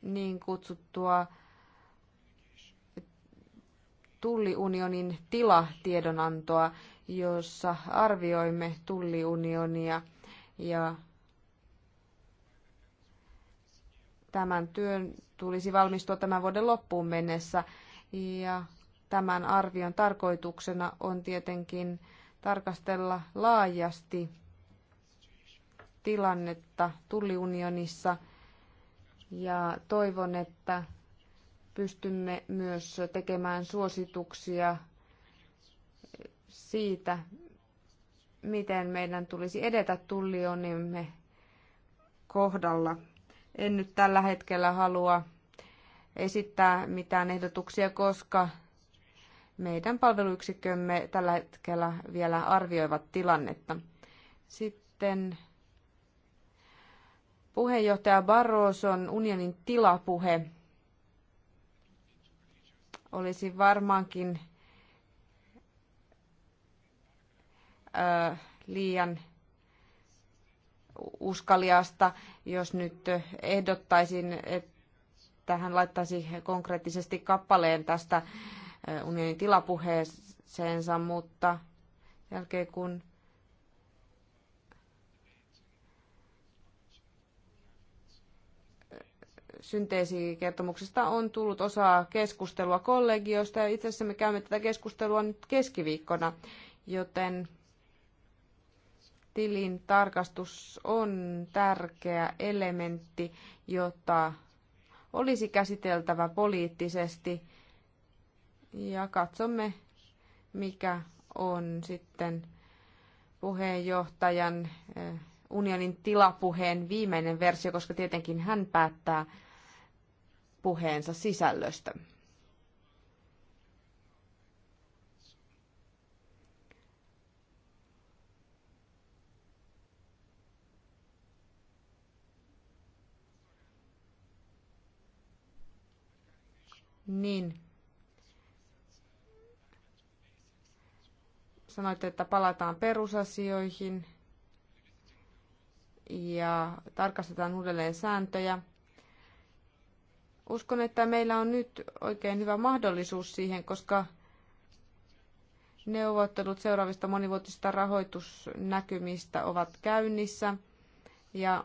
niin kutsuttua tulliunionin tilatiedonantoa, jossa arvioimme tulliunionia ja Tämän työn tulisi valmistua tämän vuoden loppuun mennessä ja tämän arvion tarkoituksena on tietenkin tarkastella laajasti tilannetta tulliunionissa ja toivon, että pystymme myös tekemään suosituksia siitä, miten meidän tulisi edetä tullionimme kohdalla. En nyt tällä hetkellä halua esittää mitään ehdotuksia, koska meidän palveluyksikkömme tällä hetkellä vielä arvioivat tilannetta. Sitten puheenjohtaja Barroson unionin tilapuhe olisi varmaankin liian uskaliasta, jos nyt ehdottaisin, että hän laittaisi konkreettisesti kappaleen tästä unionin tilapuheeseensa, mutta jälkeen kun synteesikertomuksesta on tullut osa keskustelua kollegiosta ja itse asiassa me käymme tätä keskustelua nyt keskiviikkona, joten tilintarkastus tarkastus on tärkeä elementti, jota olisi käsiteltävä poliittisesti ja katsomme, mikä on sitten puheenjohtajan unionin tilapuheen viimeinen versio, koska tietenkin hän päättää puheensa sisällöstä. niin sanoitte, että palataan perusasioihin ja tarkastetaan uudelleen sääntöjä. Uskon, että meillä on nyt oikein hyvä mahdollisuus siihen, koska neuvottelut seuraavista monivuotisista rahoitusnäkymistä ovat käynnissä ja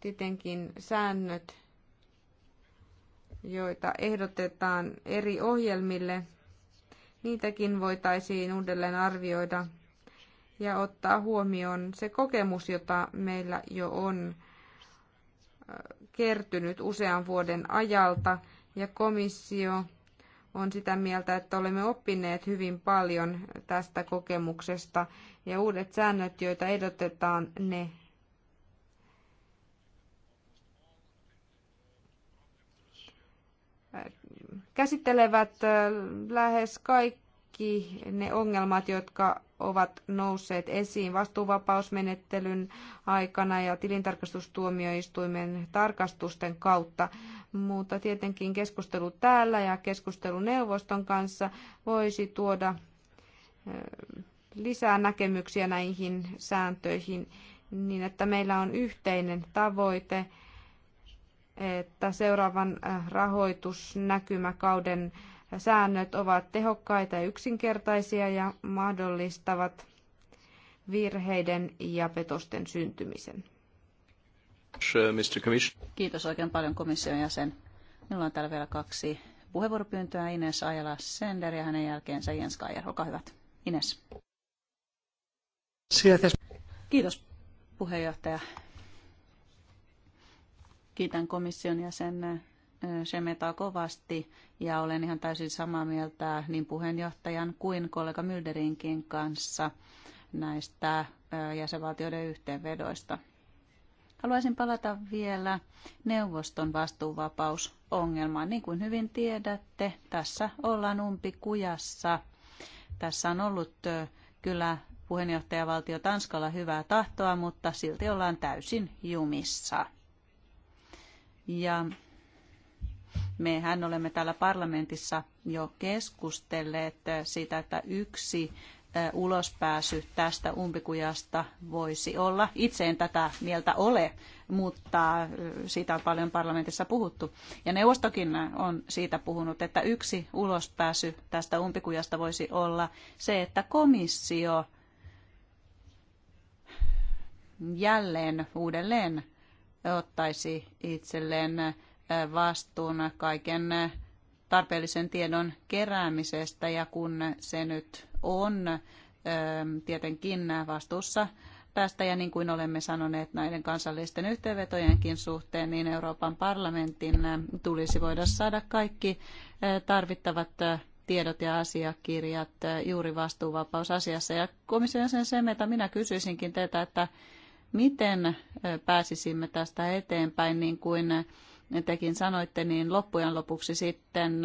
tietenkin säännöt joita ehdotetaan eri ohjelmille, niitäkin voitaisiin uudelleen arvioida ja ottaa huomioon se kokemus, jota meillä jo on kertynyt usean vuoden ajalta, ja komissio on sitä mieltä, että olemme oppineet hyvin paljon tästä kokemuksesta, ja uudet säännöt, joita ehdotetaan, ne käsittelevät lähes kaikki ne ongelmat, jotka ovat nousseet esiin vastuuvapausmenettelyn aikana ja tilintarkastustuomioistuimen tarkastusten kautta. Mutta tietenkin keskustelu täällä ja keskustelu neuvoston kanssa voisi tuoda lisää näkemyksiä näihin sääntöihin niin, että meillä on yhteinen tavoite – että seuraavan äh, rahoitusnäkymäkauden säännöt ovat tehokkaita ja yksinkertaisia ja mahdollistavat virheiden ja petosten syntymisen. Kiitos oikein paljon komission jäsen. Minulla on täällä vielä kaksi puheenvuoropyyntöä. Ines Ajala Sender ja hänen jälkeensä Jens Kajer. Olkaa hyvät. Ines. Kiitos puheenjohtaja. Kiitän komission jäsen äh, Shemetaa kovasti ja olen ihan täysin samaa mieltä niin puheenjohtajan kuin kollega Mylderinkin kanssa näistä äh, jäsenvaltioiden yhteenvedoista. Haluaisin palata vielä neuvoston vastuuvapausongelmaan. Niin kuin hyvin tiedätte, tässä ollaan umpikujassa. Tässä on ollut äh, kyllä puheenjohtajavaltio Tanskalla hyvää tahtoa, mutta silti ollaan täysin jumissa. Ja mehän olemme täällä parlamentissa jo keskustelleet siitä, että yksi ulospääsy tästä umpikujasta voisi olla. Itse en tätä mieltä ole, mutta siitä on paljon parlamentissa puhuttu. Ja neuvostokin on siitä puhunut, että yksi ulospääsy tästä umpikujasta voisi olla se, että komissio jälleen uudelleen ottaisi itselleen vastuun kaiken tarpeellisen tiedon keräämisestä ja kun se nyt on tietenkin vastuussa tästä ja niin kuin olemme sanoneet näiden kansallisten yhteenvetojenkin suhteen, niin Euroopan parlamentin tulisi voida saada kaikki tarvittavat tiedot ja asiakirjat juuri vastuuvapausasiassa. Ja komission sen Semeta, minä kysyisinkin teiltä, että miten pääsisimme tästä eteenpäin, niin kuin tekin sanoitte, niin loppujen lopuksi sitten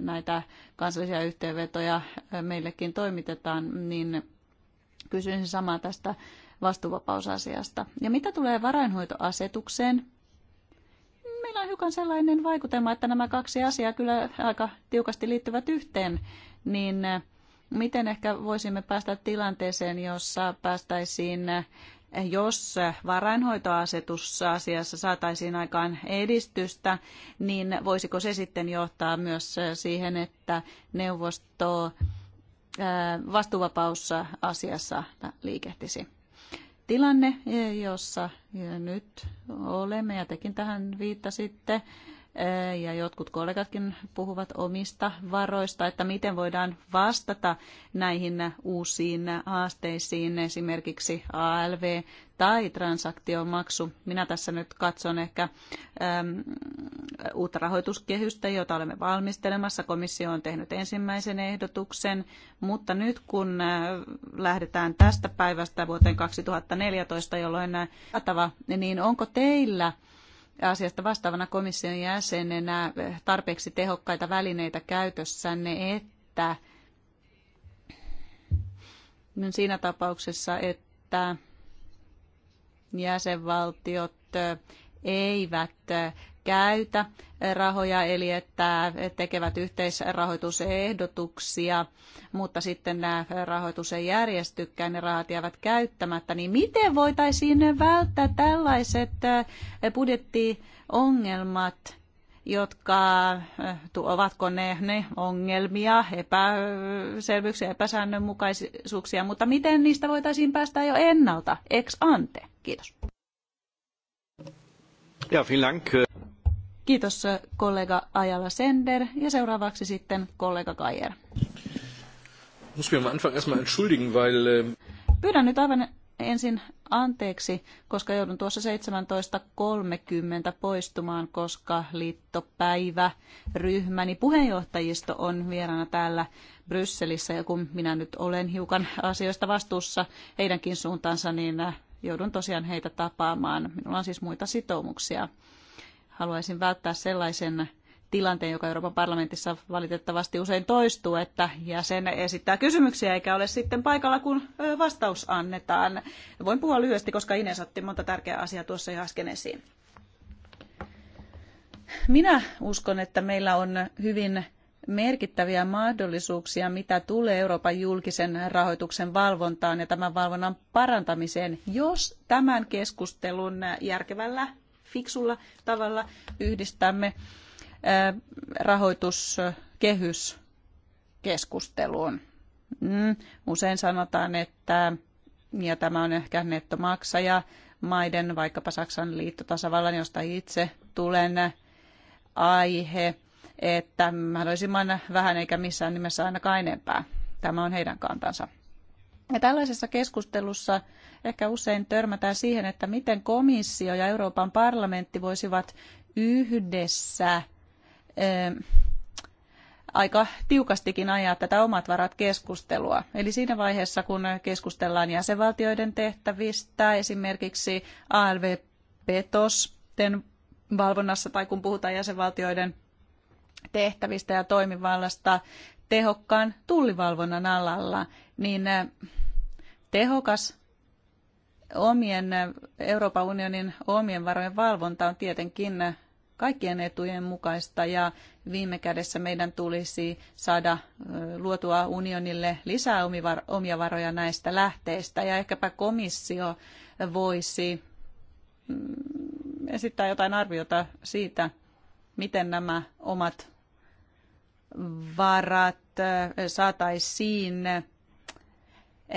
näitä kansallisia yhteenvetoja meillekin toimitetaan, niin kysyisin samaa tästä vastuuvapausasiasta. Ja mitä tulee varainhoitoasetukseen, meillä on hiukan sellainen vaikutelma, että nämä kaksi asiaa kyllä aika tiukasti liittyvät yhteen, niin miten ehkä voisimme päästä tilanteeseen, jossa päästäisiin jos asiassa saataisiin aikaan edistystä, niin voisiko se sitten johtaa myös siihen, että neuvosto vastuvapaussa asiassa liikehtisi? Tilanne, jossa nyt olemme, ja tekin tähän viittasitte, Eh, ja jotkut kollegatkin puhuvat omista varoista, että miten voidaan vastata näihin uusiin haasteisiin, esimerkiksi ALV tai transaktiomaksu. Minä tässä nyt katson ehkä äm, ehm, uutta rahoituskehystä, jota olemme valmistelemassa. Komissio on tehnyt ensimmäisen ehdotuksen, mutta nyt kun äh, lähdetään tästä päivästä vuoteen 2014, jolloin näin eh, niin onko teillä – asiasta vastaavana komission jäsenenä eh, tarpeeksi tehokkaita välineitä käytössänne, että niin siinä tapauksessa, että jäsenvaltiot eh, eivät eh, käytä rahoja, eli että tekevät yhteisrahoitusehdotuksia, mutta sitten nämä rahoitus ei järjestykään, ne rahat jäävät käyttämättä, niin miten voitaisiin välttää tällaiset äh, budjettiongelmat, jotka äh, ovatko ne, ne ongelmia, epäselvyyksiä, epäsäännönmukaisuuksia, mutta miten niistä voitaisiin päästä jo ennalta, ex ante? Kiitos. Ja, vielen Dank. Äh, Kiitos eh, kollega Ajala Sender ja seuraavaksi sitten kollega Kajer. Eh, Pyydän nyt aivan ensin anteeksi, koska joudun tuossa 17.30 poistumaan, koska liittopäivä ryhmäni puheenjohtajisto on vieraana täällä Brysselissä ja kun minä nyt olen hiukan asioista vastuussa heidänkin suuntaansa, niin eh, joudun tosiaan heitä tapaamaan. Minulla on siis muita sitoumuksia haluaisin välttää sellaisen tilanteen, joka Euroopan parlamentissa valitettavasti usein toistuu, että jäsen esittää kysymyksiä eikä ole sitten paikalla, kun vastaus annetaan. Voin puhua lyhyesti, koska Ines otti monta tärkeää asiaa tuossa jo äsken esiin. Minä uskon, että meillä on hyvin merkittäviä mahdollisuuksia, mitä tulee Euroopan julkisen rahoituksen valvontaan ja tämän valvonnan parantamiseen, jos tämän keskustelun järkevällä fiksulla tavalla yhdistämme rahoituskehyskeskusteluun. Mm, usein sanotaan, että ja tämä on ehkä nettomaksaja maiden, vaikkapa Saksan liittotasavallan, josta itse tulen aihe, että mahdollisimman vähän eikä missään nimessä ainakaan enempää. Tämä on heidän kantansa. Ja tällaisessa keskustelussa ehkä usein törmätään siihen, että miten komissio ja Euroopan parlamentti voisivat yhdessä eh, aika tiukastikin ajaa tätä omat varat keskustelua. Eli siinä vaiheessa, kun keskustellaan jäsenvaltioiden tehtävistä, esimerkiksi ALV-petosten valvonnassa tai kun puhutaan jäsenvaltioiden tehtävistä ja toimivallasta tehokkaan tullivalvonnan alalla, niin eh, tehokas omien, Euroopan unionin omien varojen valvonta on tietenkin kaikkien etujen mukaista ja viime kädessä meidän tulisi saada luotua unionille lisää omia varoja näistä lähteistä ja ehkäpä komissio voisi mm, esittää jotain arviota siitä, miten nämä omat varat saataisiin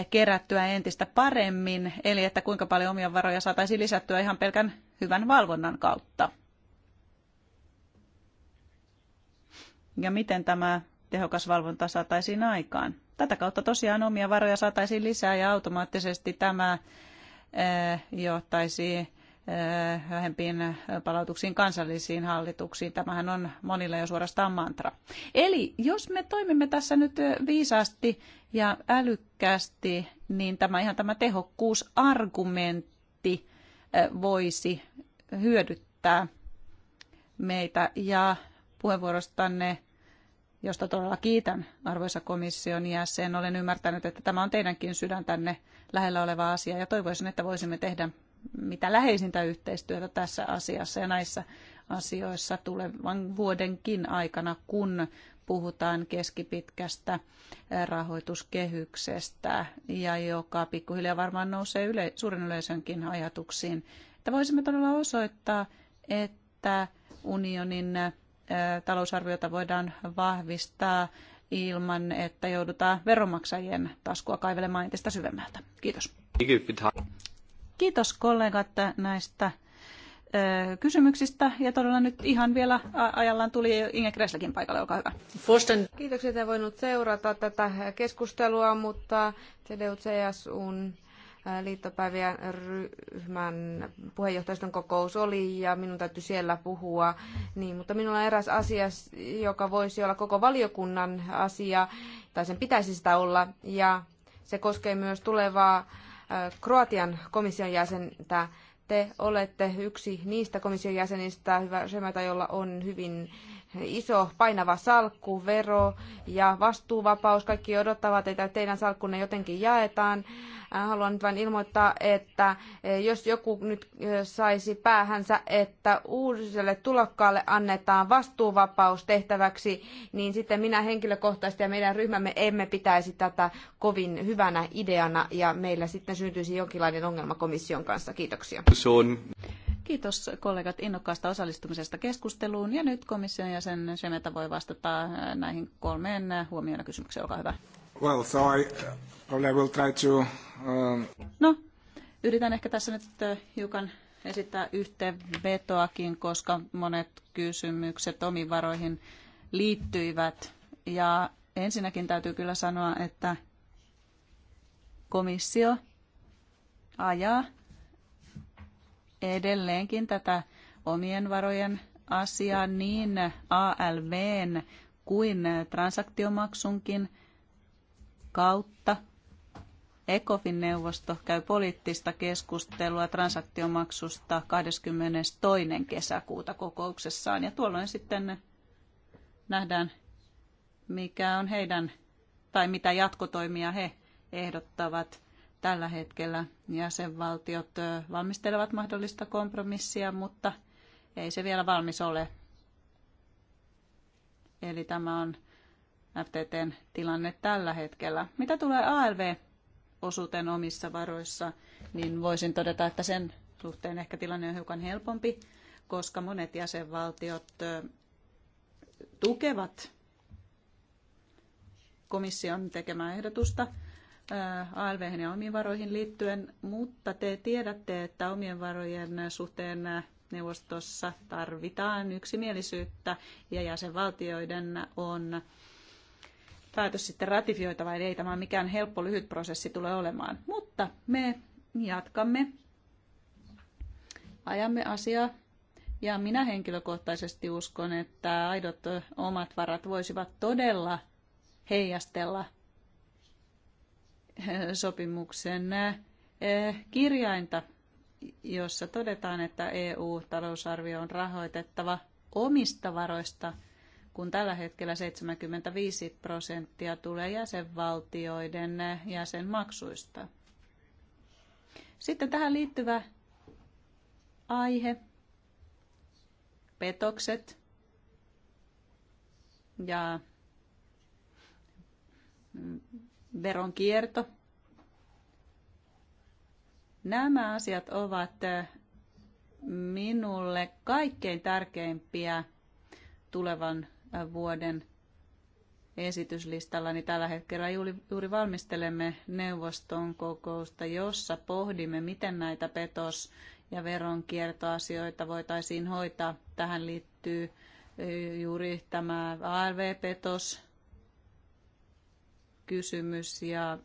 kerättyä entistä paremmin, eli että kuinka paljon omia varoja saataisiin lisättyä ihan pelkän hyvän valvonnan kautta. Ja miten tämä tehokas valvonta saataisiin aikaan. Tätä kautta tosiaan omia varoja saataisiin lisää ja automaattisesti tämä eh, johtaisi Eh, vähempiin eh, palautuksiin kansallisiin hallituksiin. Tämähän on monille jo suorastaan mantra. Eli jos me toimimme tässä nyt eh, viisaasti ja älykkäästi, niin tämä ihan tämä tehokkuusargumentti voisi hyödyttää meitä. Ja puheenvuorostanne josta todella kiitän, arvoisa komission jäsen. Olen ymmärtänyt, että tämä on teidänkin sydäntänne lähellä oleva asia ja toivoisin, että voisimme tehdä mitä läheisintä yhteistyötä tässä asiassa ja näissä asioissa tulevan vuodenkin aikana, kun puhutaan keskipitkästä eh, rahoituskehyksestä ja joka pikkuhiljaa varmaan nousee yle, suurin yleisönkin ajatuksiin, että voisimme todella osoittaa, että unionin eh, talousarviota voidaan vahvistaa ilman, että joudutaan veronmaksajien taskua kaivelemaan entistä syvemmältä. Kiitos. Kiitos kollegat näistä kysymyksistä. Ja todella nyt ihan vielä ajallaan tuli Inge Kreslekin paikalle, olkaa hyvä. Kiitoksia, että voinut seurata tätä keskustelua, mutta CDU-CSUn liittopäivien ryhmän puheenjohtajiston kokous oli ja minun täytyy siellä puhua. Niin, mutta minulla on eräs asia, joka voisi olla koko valiokunnan asia, tai sen pitäisi sitä olla, ja se koskee myös tulevaa Kroatian komission jäsentä. Te olette yksi niistä komission jäsenistä, hyvä Semeta, jolla on hyvin iso painava salkku, vero ja vastuuvapaus. Kaikki odottavat, että teidän salkkunne jotenkin jaetaan. Äh, haluan nyt vain ilmoittaa, että äh, jos joku nyt äh, saisi päähänsä, että uudiselle tulokkaalle annetaan vastuuvapaus tehtäväksi, niin sitten minä henkilökohtaisesti ja meidän ryhmämme emme pitäisi tätä kovin hyvänä ideana ja meillä sitten syntyisi jonkinlainen ongelma komission kanssa. Kiitoksia. Kiitos kollegat innokkaasta osallistumisesta keskusteluun. Ja nyt komission jäsen Semeta voi vastata äh, näihin kolmeen huomioon ja kysymykseen. Olkaa hyvä. Well, so I, I will try to, um... No, yritän ehkä tässä nyt äh, hiukan esittää yhteenvetoakin, koska monet kysymykset omiin varoihin liittyivät. Ja ensinnäkin täytyy kyllä sanoa, että komissio ajaa edelleenkin tätä omien varojen asiaa niin ALVn kuin transaktiomaksunkin kautta. ECOFIN-neuvosto käy poliittista keskustelua transaktiomaksusta 22. kesäkuuta kokouksessaan ja tuolloin sitten nähdään, mikä on heidän tai mitä jatkotoimia he ehdottavat tällä hetkellä jäsenvaltiot valmistelevat mahdollista kompromissia, mutta ei se vielä valmis ole. Eli tämä on FTTn tilanne tällä hetkellä. Mitä tulee ALV-osuuteen omissa varoissa, niin voisin todeta, että sen suhteen ehkä tilanne on hiukan helpompi, koska monet jäsenvaltiot tukevat komission tekemää ehdotusta – alveihin ja omiin varoihin liittyen, mutta te tiedätte, että omien varojen suhteen neuvostossa tarvitaan yksimielisyyttä ja jäsenvaltioiden on päätös sitten ratifioitava, vai ei tämä mikään helppo lyhyt prosessi tule olemaan. Mutta me jatkamme, ajamme asiaa ja minä henkilökohtaisesti uskon, että aidot omat varat voisivat todella heijastella sopimuksen eh, kirjainta, jossa todetaan, että EU-talousarvio on rahoitettava omista varoista, kun tällä hetkellä 75 prosenttia tulee jäsenvaltioiden eh, jäsenmaksuista. Sitten tähän liittyvä aihe, petokset ja veronkierto. Nämä asiat ovat minulle kaikkein tärkeimpiä tulevan vuoden esityslistalla niin tällä hetkellä juuri, juuri valmistelemme neuvoston kokousta, jossa pohdimme, miten näitä petos- ja veronkiertoasioita voitaisiin hoitaa. Tähän liittyy eh, juuri tämä ARV petos kysymys ja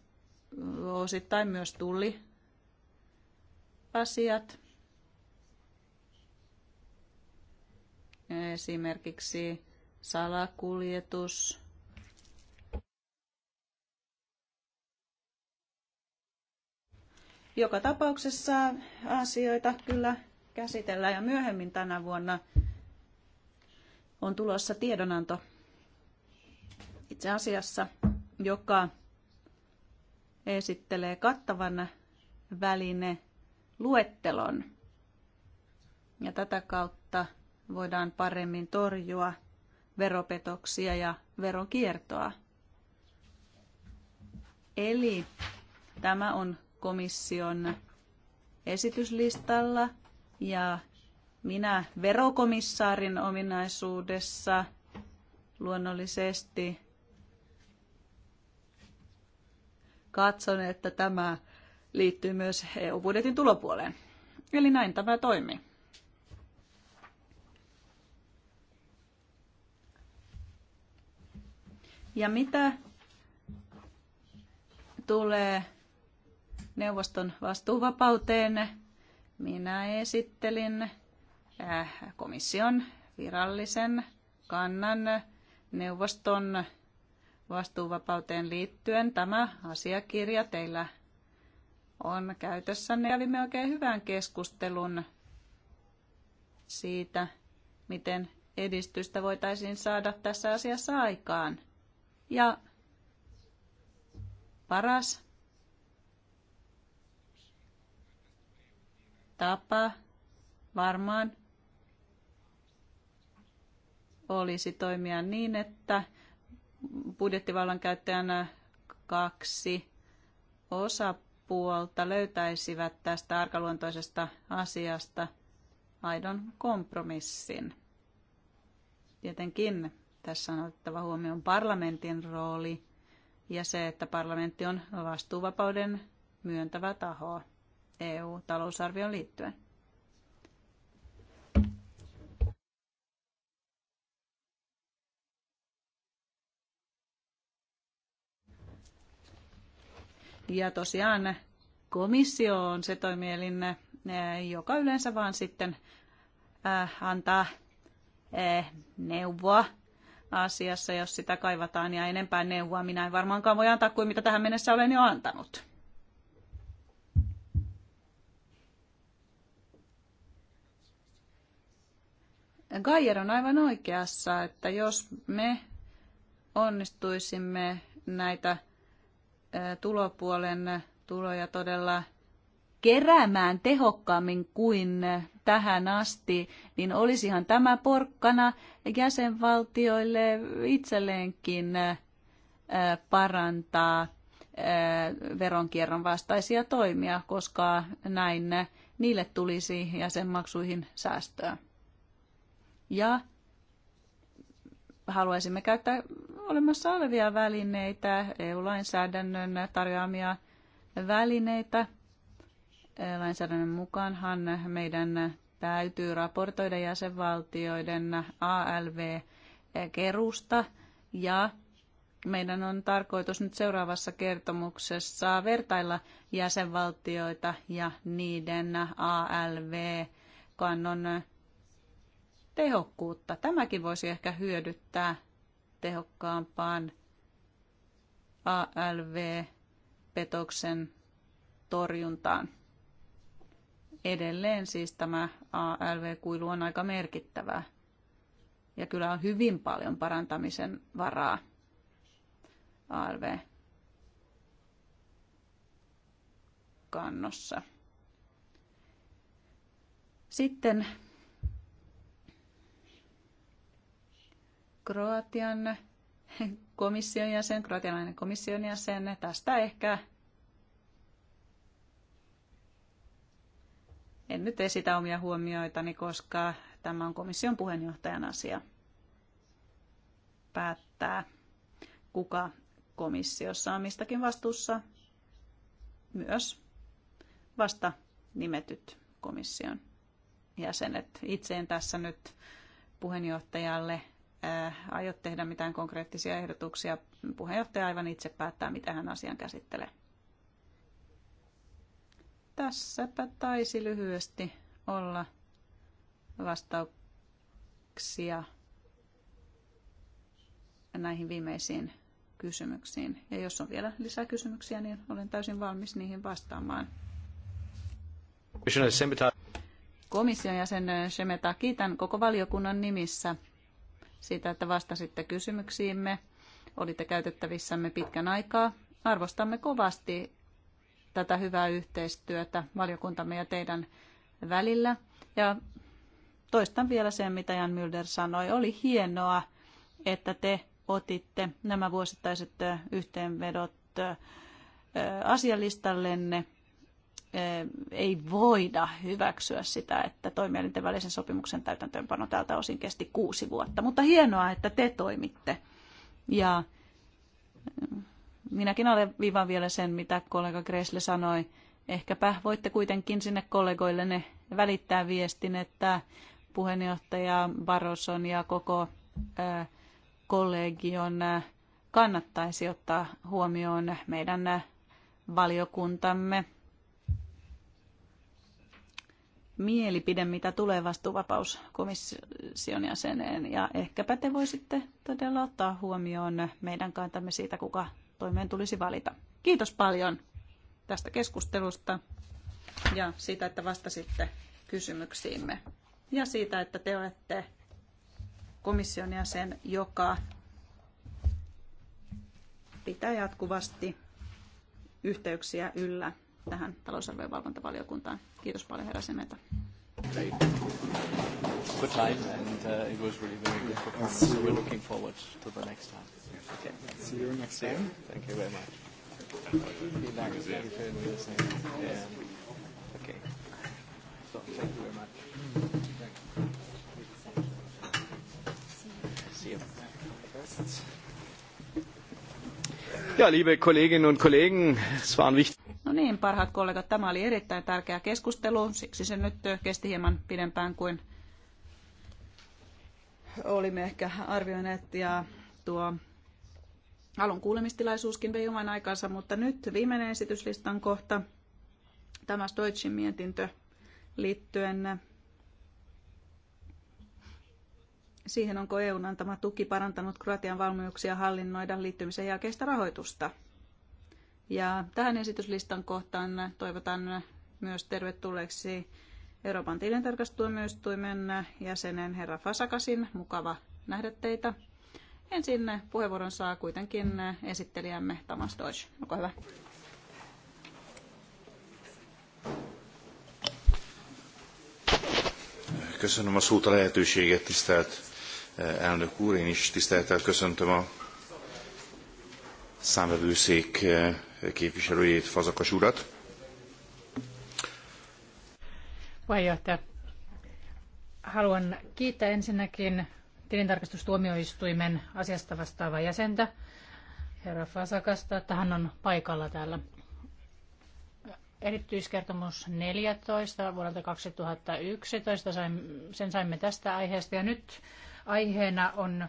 osittain myös tuli asiat. Esimerkiksi salakuljetus. Joka tapauksessa asioita kyllä käsitellään ja myöhemmin tänä vuonna on tulossa tiedonanto. Itse asiassa joka esittelee kattavan väline luettelon. Ja tätä kautta voidaan paremmin torjua veropetoksia ja verokiertoa. Eli tämä on komission esityslistalla ja minä verokomissaarin ominaisuudessa luonnollisesti katson, että tämä liittyy myös EU-budjetin tulopuoleen. Eli näin tämä toimii. Ja mitä tulee neuvoston vastuuvapauteen, minä esittelin äh, komission virallisen kannan neuvoston vastuuvapauteen liittyen. Tämä asiakirja teillä on käytössänne. Kävimme oikein hyvän keskustelun siitä, miten edistystä voitaisiin saada tässä asiassa aikaan. Ja paras tapa varmaan olisi toimia niin, että budjettivallan käyttäjänä kaksi osapuolta löytäisivät tästä arkaluontoisesta asiasta aidon kompromissin. Tietenkin tässä on otettava huomioon parlamentin rooli ja se, että parlamentti on vastuuvapauden myöntävä taho EU-talousarvioon liittyen. Ja tosiaan komissio on se toimielin, eh, joka yleensä vaan sitten eh, antaa eh, neuvoa asiassa, jos sitä kaivataan, ja enempää neuvoa minä en varmaankaan voi antaa kuin mitä tähän mennessä olen jo antanut. Gaier on aivan oikeassa, että jos me onnistuisimme näitä tulopuolen tuloja todella keräämään tehokkaammin kuin tähän asti, niin olisihan tämä porkkana jäsenvaltioille itselleenkin parantaa veronkierron vastaisia toimia, koska näin niille tulisi jäsenmaksuihin säästöä. Ja haluaisimme käyttää olemassa olevia välineitä, EU-lainsäädännön tarjoamia välineitä. E lainsäädännön mukaanhan meidän täytyy raportoida jäsenvaltioiden ALV-kerusta ja meidän on tarkoitus nyt seuraavassa kertomuksessa vertailla jäsenvaltioita ja niiden ALV-kannon tehokkuutta. Tämäkin voisi ehkä hyödyttää tehokkaampaan ALV-petoksen torjuntaan. Edelleen siis tämä ALV-kuilu on aika merkittävää ja kyllä on hyvin paljon parantamisen varaa ALV-kannossa. Sitten Kroatian komission jäsen, kroatialainen komission jäsen. Tästä ehkä en nyt esitä omia huomioitani, koska tämä on komission puheenjohtajan asia päättää, kuka komissiossa on mistäkin vastuussa, myös vasta nimetyt komission jäsenet. Itse en tässä nyt puheenjohtajalle Äh, aio tehdä mitään konkreettisia ehdotuksia. Puheenjohtaja aivan itse päättää, mitä hän asian käsittelee. Tässäpä taisi lyhyesti olla vastauksia näihin viimeisiin kysymyksiin. Ja jos on vielä lisää kysymyksiä, niin olen täysin valmis niihin vastaamaan. Komission jäsen Semeta, kiitän koko valiokunnan nimissä siitä, että vastasitte kysymyksiimme. Olitte käytettävissämme pitkän aikaa. Arvostamme kovasti tätä hyvää yhteistyötä valiokuntamme ja teidän välillä. Ja toistan vielä sen, mitä Jan Mylder sanoi. Oli hienoa, että te otitte nämä vuosittaiset yhteenvedot asialistallenne ei voida hyväksyä sitä, että toimielinten välisen sopimuksen täytäntöönpano tältä osin kesti kuusi vuotta. Mutta hienoa, että te toimitte. Ja minäkin olen viivan vielä sen, mitä kollega Gressle sanoi. Ehkäpä voitte kuitenkin sinne ne välittää viestin, että puheenjohtaja Barroson ja koko kollegion kannattaisi ottaa huomioon meidän valiokuntamme mielipide, mitä tulee vastuuvapauskomission jäseneen. Ja ehkäpä te voisitte todella ottaa huomioon meidän kantamme siitä, kuka toimeen tulisi valita. Kiitos paljon tästä keskustelusta ja siitä, että vastasitte kysymyksiimme. Ja siitä, että te olette komission jäsen, joka pitää jatkuvasti yhteyksiä yllä tähän talousarvojen valvontavaliokuntaan. Kiitos paljon herra Semeta. Great. Good time, and uh, it was really very good we're looking forward to the next time. Okay. See you next time. Thank you very much. Okay. So, thank you very much. See you. Ja, liebe Kolleginnen und Kollegen, es waren wichtige. No niin, parhaat kollegat, tämä oli erittäin tärkeä keskustelu, siksi se nyt kesti hieman pidempään kuin olimme ehkä arvioineet ja tuo alun kuulemistilaisuuskin vei oman aikansa, mutta nyt viimeinen esityslistan kohta, tämä Stoitsin mietintö liittyen siihen, onko EUn antama tuki parantanut Kroatian valmiuksia hallinnoida liittymisen jälkeistä rahoitusta – ja tähän esityslistan kohtaan toivotan myös tervetulleeksi Euroopan tilintarkastustuomioistuimen jäsenen herra Fasakasin. Mukava nähdä teitä. Ensin puheenvuoron saa kuitenkin esittelijämme Tamas Deutsch. Olkaa hyvä. Köszönöm a szót a lehetőséget, tisztelt eh, elnök úr. Én is tiszteltel köszöntöm a számvevőszék eh, képviselőjét, Fazakas urat. Puheenjohtaja, haluan kiittää ensinnäkin tilintarkastustuomioistuimen asiasta vastaavaa jäsentä, herra Fasakasta, että hän on paikalla täällä. Erityiskertomus 14 vuodelta 2011, sen saimme tästä aiheesta ja nyt aiheena on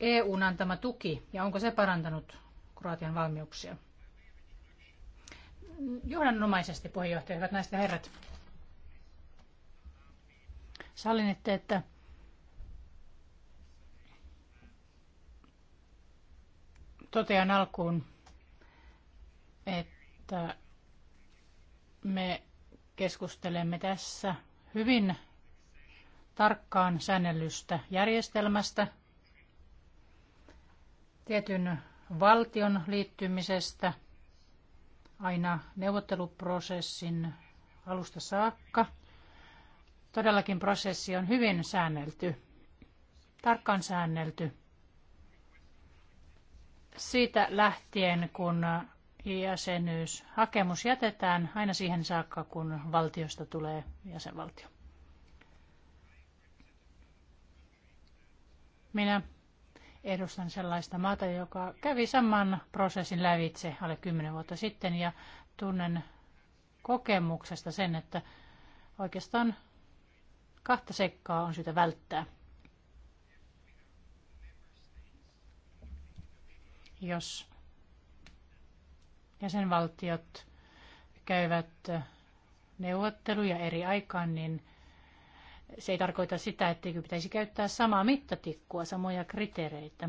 EUn antama tuki ja onko se parantanut Kroatian valmiuksia? Johdannomaisesti puheenjohtaja, hyvät naiset ja herrat. Sallinette, että totean alkuun, että me keskustelemme tässä hyvin tarkkaan säännellystä järjestelmästä – tietyn valtion liittymisestä aina neuvotteluprosessin alusta saakka. Todellakin prosessi on hyvin säännelty, tarkkaan säännelty. Siitä lähtien, kun jäsenyyshakemus jätetään aina siihen saakka, kun valtiosta tulee jäsenvaltio. Minä edustan sellaista maata, joka kävi saman prosessin lävitse alle kymmenen vuotta sitten ja tunnen kokemuksesta sen, että oikeastaan kahta sekkaa on syytä välttää. Jos jäsenvaltiot käyvät neuvotteluja eri aikaan, niin se ei tarkoita sitä, etteikö pitäisi käyttää samaa mittatikkua, samoja kriteereitä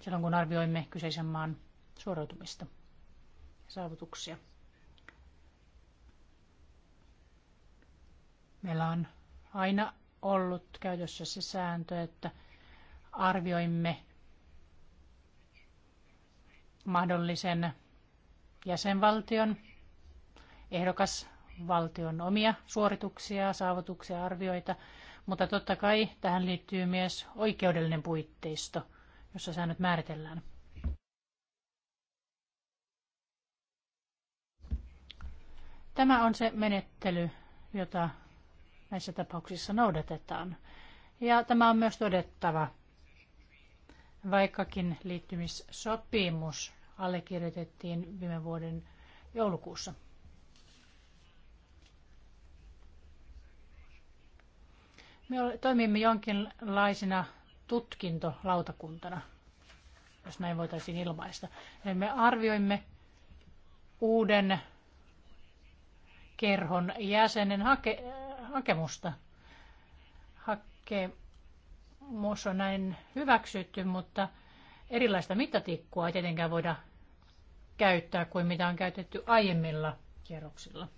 silloin, kun arvioimme kyseisen maan suoriutumista ja saavutuksia. Meillä on aina ollut käytössä se sääntö, että arvioimme mahdollisen jäsenvaltion, ehdokas valtion omia suorituksia, saavutuksia, arvioita, mutta totta kai tähän liittyy myös oikeudellinen puitteisto, jossa säännöt määritellään. Tämä on se menettely, jota näissä tapauksissa noudatetaan. Ja tämä on myös todettava, vaikkakin liittymissopimus allekirjoitettiin viime vuoden joulukuussa. Me toimimme jonkinlaisena tutkintolautakuntana, jos näin voitaisiin ilmaista. Eli me arvioimme uuden kerhon jäsenen hake, hakemusta. Hakemus on näin hyväksytty, mutta erilaista mittatikkua ei tietenkään voida käyttää kuin mitä on käytetty aiemmilla kierroksilla.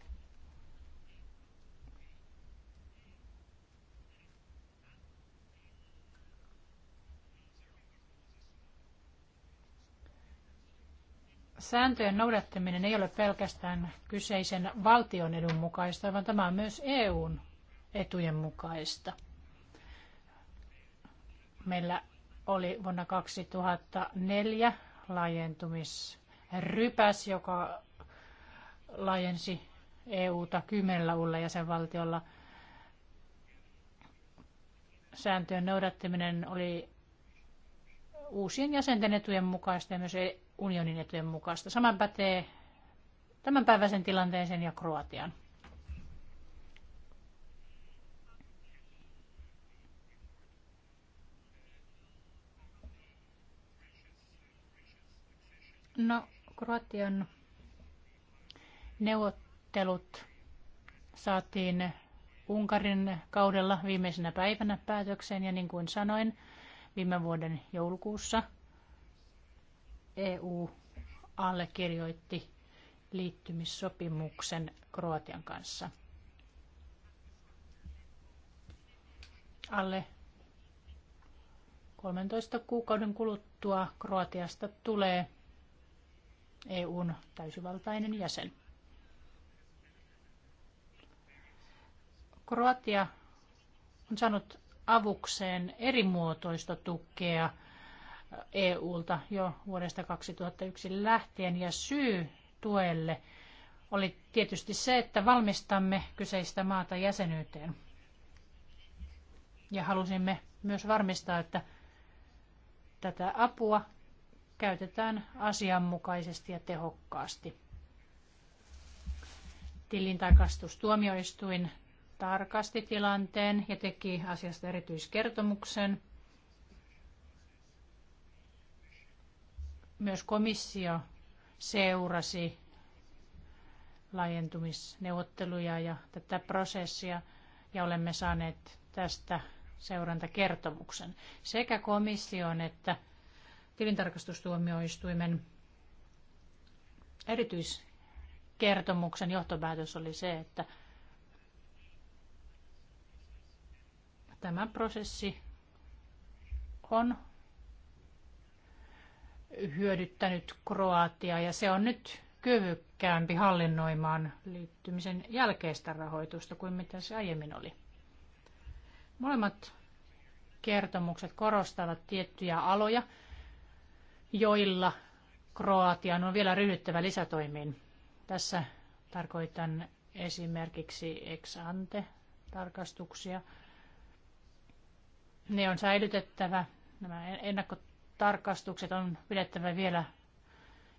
sääntöjen noudattaminen ei ole pelkästään kyseisen valtion edun mukaista, vaan tämä on myös EUn etujen mukaista. Meillä oli vuonna 2004 laajentumisrypäs, joka laajensi EUta kymmenellä uudella jäsenvaltiolla. Sääntöjen noudattaminen oli uusien jäsenten etujen mukaista ja myös unionin etujen mukaista. Sama pätee tämänpäiväisen tilanteeseen ja Kroatian. No, Kroatian neuvottelut saatiin Unkarin kaudella viimeisenä päivänä päätökseen ja niin kuin sanoin, viime vuoden joulukuussa – EU allekirjoitti liittymissopimuksen Kroatian kanssa. Alle 13 kuukauden kuluttua Kroatiasta tulee EUn täysivaltainen jäsen. Kroatia on saanut avukseen erimuotoista tukea – EUlta jo vuodesta 2001 lähtien ja syy tuelle oli tietysti se, että valmistamme kyseistä maata jäsenyyteen. Ja halusimme myös varmistaa, että tätä apua käytetään asianmukaisesti ja tehokkaasti. tuomioistuin tarkasti tilanteen ja teki asiasta erityiskertomuksen. Myös komissio seurasi laajentumisneuvotteluja ja tätä prosessia ja olemme saaneet tästä seurantakertomuksen. Sekä komission että tilintarkastustuomioistuimen erityiskertomuksen johtopäätös oli se, että tämä prosessi on hyödyttänyt Kroatiaa ja se on nyt kyvykkäämpi hallinnoimaan liittymisen jälkeistä rahoitusta kuin mitä se aiemmin oli. Molemmat kertomukset korostavat tiettyjä aloja, joilla Kroatian on vielä ryhdyttävä lisätoimiin. Tässä tarkoitan esimerkiksi ex ante tarkastuksia. Ne on säilytettävä, nämä ennakkotarkastukset tarkastukset on pidettävä vielä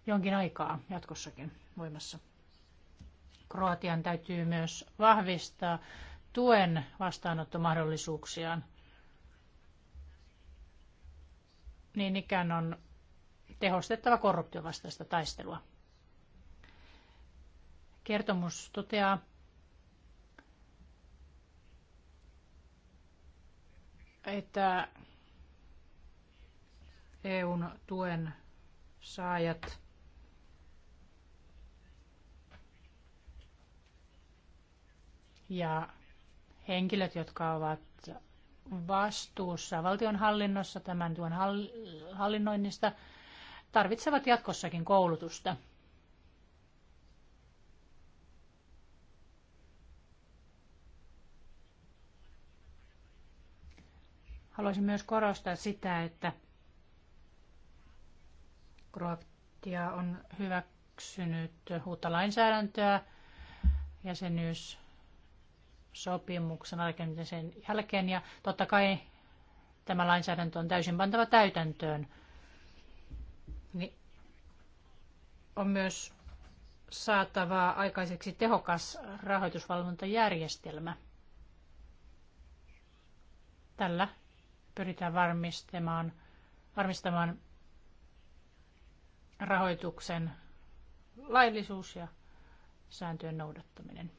jonkin aikaa jatkossakin voimassa. Kroatian täytyy myös vahvistaa tuen vastaanottomahdollisuuksiaan. Niin ikään on tehostettava korruptiovastaista taistelua. Kertomus toteaa, että EUn tuen saajat ja henkilöt, jotka ovat vastuussa valtionhallinnossa tämän tuen hallinnoinnista, tarvitsevat jatkossakin koulutusta. Haluaisin myös korostaa sitä, että Kroatia on hyväksynyt uutta lainsäädäntöä jäsenyys sopimuksen sen jälkeen ja totta kai tämä lainsäädäntö on täysin pantava täytäntöön. Niin on myös saatava aikaiseksi tehokas rahoitusvalvontajärjestelmä. Tällä pyritään varmistamaan, varmistamaan rahoituksen laillisuus ja sääntöjen noudattaminen.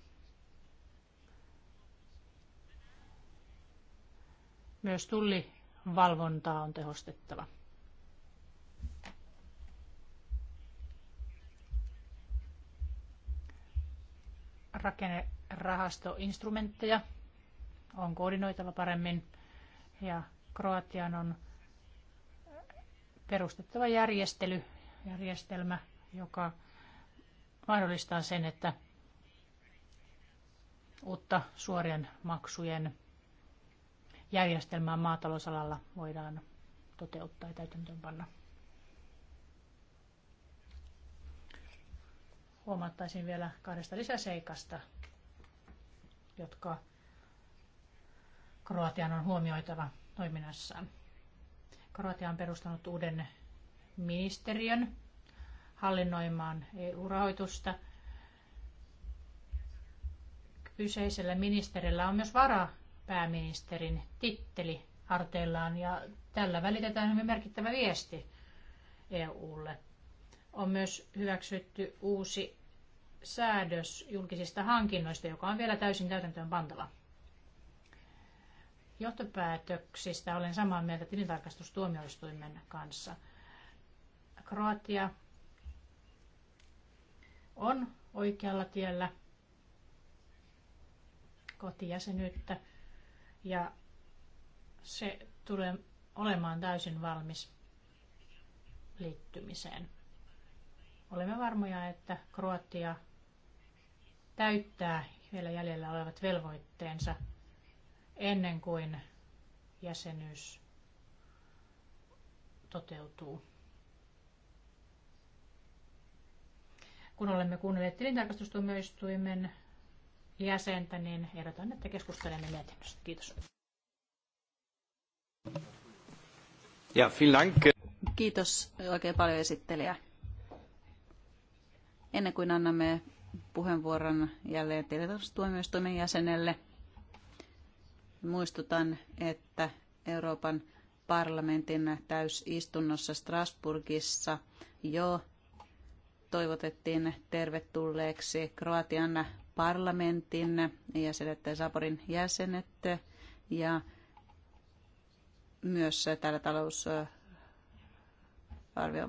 Myös tullivalvontaa on tehostettava. Rakennerahastoinstrumentteja on koordinoitava paremmin ja Kroatian on perustettava järjestely, järjestelmä, joka mahdollistaa sen, että uutta suorien maksujen järjestelmää maatalousalalla voidaan toteuttaa ja täytäntöönpanna. Huomattaisin vielä kahdesta lisäseikasta, jotka Kroatian on huomioitava toiminnassaan. Kroatia on perustanut uuden ministeriön hallinnoimaan EU-rahoitusta. Kyseisellä ministerillä on myös varapääministerin titteli harteillaan ja tällä välitetään hyvin merkittävä viesti EUlle. On myös hyväksytty uusi säädös julkisista hankinnoista, joka on vielä täysin täytäntöön pantava. Johtopäätöksistä olen samaa mieltä tilintarkastustuomioistuimen kanssa – Kroatia on oikealla tiellä kotijäsenyyttä ja se tulee olemaan täysin valmis liittymiseen. Olemme varmoja, että Kroatia täyttää vielä jäljellä olevat velvoitteensa ennen kuin jäsenyys toteutuu. Kun olemme kuunnelleet tilintarkastustuomioistuimen jäsentä, niin ehdotan, että keskustelemme mietinnöstä. Kiitos. Ja, Dank. Kiitos oikein paljon esittelijä. Ennen kuin annamme puheenvuoron jälleen tilintarkastustuomioistuimen jäsenelle, muistutan, että Euroopan parlamentin täysistunnossa Strasburgissa jo toivotettiin tervetulleeksi Kroatian parlamentin jäsenet, Saporin jäsenet ja myös täällä talous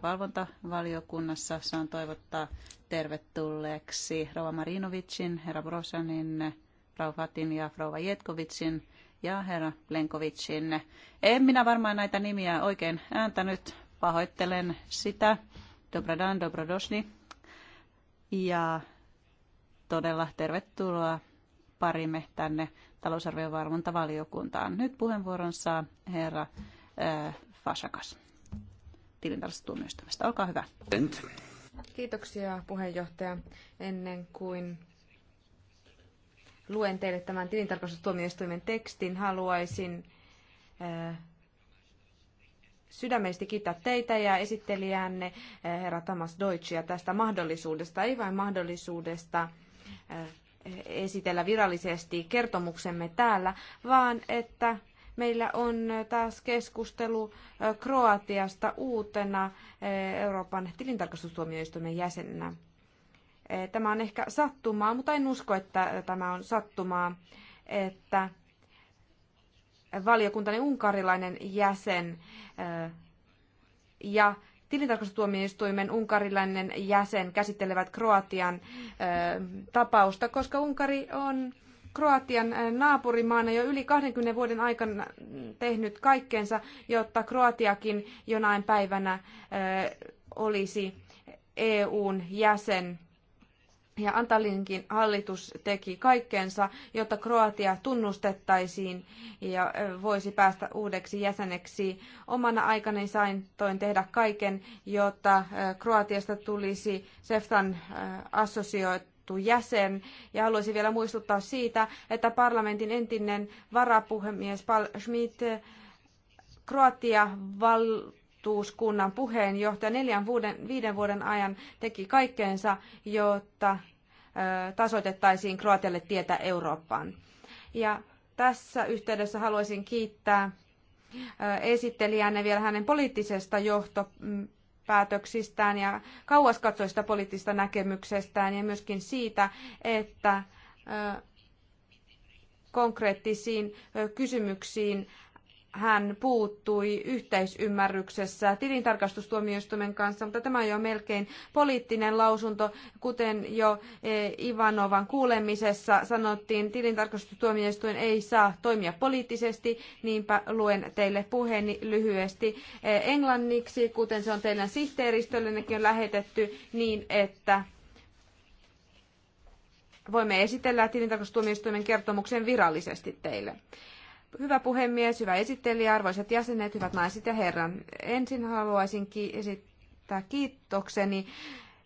valvontavaliokunnassa saan toivottaa tervetulleeksi Rova Marinovicin, herra Brosanin, Fatin ja Rova Jetkovicin ja herra Plenkovicin. En minä varmaan näitä nimiä oikein ääntänyt, pahoittelen sitä. Dobradan, Dobrodosni. Ja todella tervetuloa parimme tänne talousarvion valvontavaliokuntaan. Nyt puheenvuoron saa herra äh, Fasakas tilintarkastustuomioistuimesta. Olkaa hyvä. Kiitoksia puheenjohtaja. Ennen kuin luen teille tämän tilintarkastustuomioistuimen tekstin, haluaisin äh, sydämellisesti kiittää teitä ja esittelijäänne eh, herra Thomas Deutschia tästä mahdollisuudesta, ei vain mahdollisuudesta eh, esitellä virallisesti kertomuksemme täällä, vaan että meillä on taas keskustelu eh, Kroatiasta uutena Euroopan tilintarkastustuomioistuimen jäsenenä. Tämä on ehkä sattumaa, mutta en usko, että tämä on sattumaa, että valiokuntani unkarilainen jäsen ja tilintarkastustuomioistuimen unkarilainen jäsen käsittelevät Kroatian tapausta, koska Unkari on Kroatian naapurimaana jo yli 20 vuoden aikana tehnyt kaikkensa, jotta Kroatiakin jonain päivänä olisi EUn jäsen. Ja Antalinkin hallitus teki kaikkensa, jotta Kroatia tunnustettaisiin ja voisi päästä uudeksi jäseneksi. Omana aikani sain toin tehdä kaiken, jotta Kroatiasta tulisi Seftan assosioitu jäsen. Ja haluaisin vielä muistuttaa siitä, että parlamentin entinen varapuhemies Paul Schmidt Kroatia val- valtuuskunnan puheenjohtaja neljän vuoden, viiden vuoden ajan teki kaikkeensa, jotta tasoitettaisiin Kroatialle tietä Eurooppaan. Ja tässä yhteydessä haluaisin kiittää esittelijänne vielä hänen poliittisesta johtopäätöksistään ja kauaskatsoista poliittisesta näkemyksestään ja myöskin siitä, että konkreettisiin kysymyksiin hän puuttui yhteisymmärryksessä tilintarkastustuomioistuimen kanssa, mutta tämä on jo melkein poliittinen lausunto. Kuten jo e, Ivanovan kuulemisessa sanottiin, tilintarkastustuomioistuin ei saa toimia poliittisesti, niinpä luen teille puheeni lyhyesti e, englanniksi, kuten se on teidän sihteeristöllennekin on lähetetty, niin että voimme esitellä tilintarkastustuomioistuimen kertomuksen virallisesti teille. Hyvä puhemies, hyvä esittelijä, arvoisat jäsenet, hyvät naiset ja herran. Ensin haluaisin ki- esittää kiitokseni,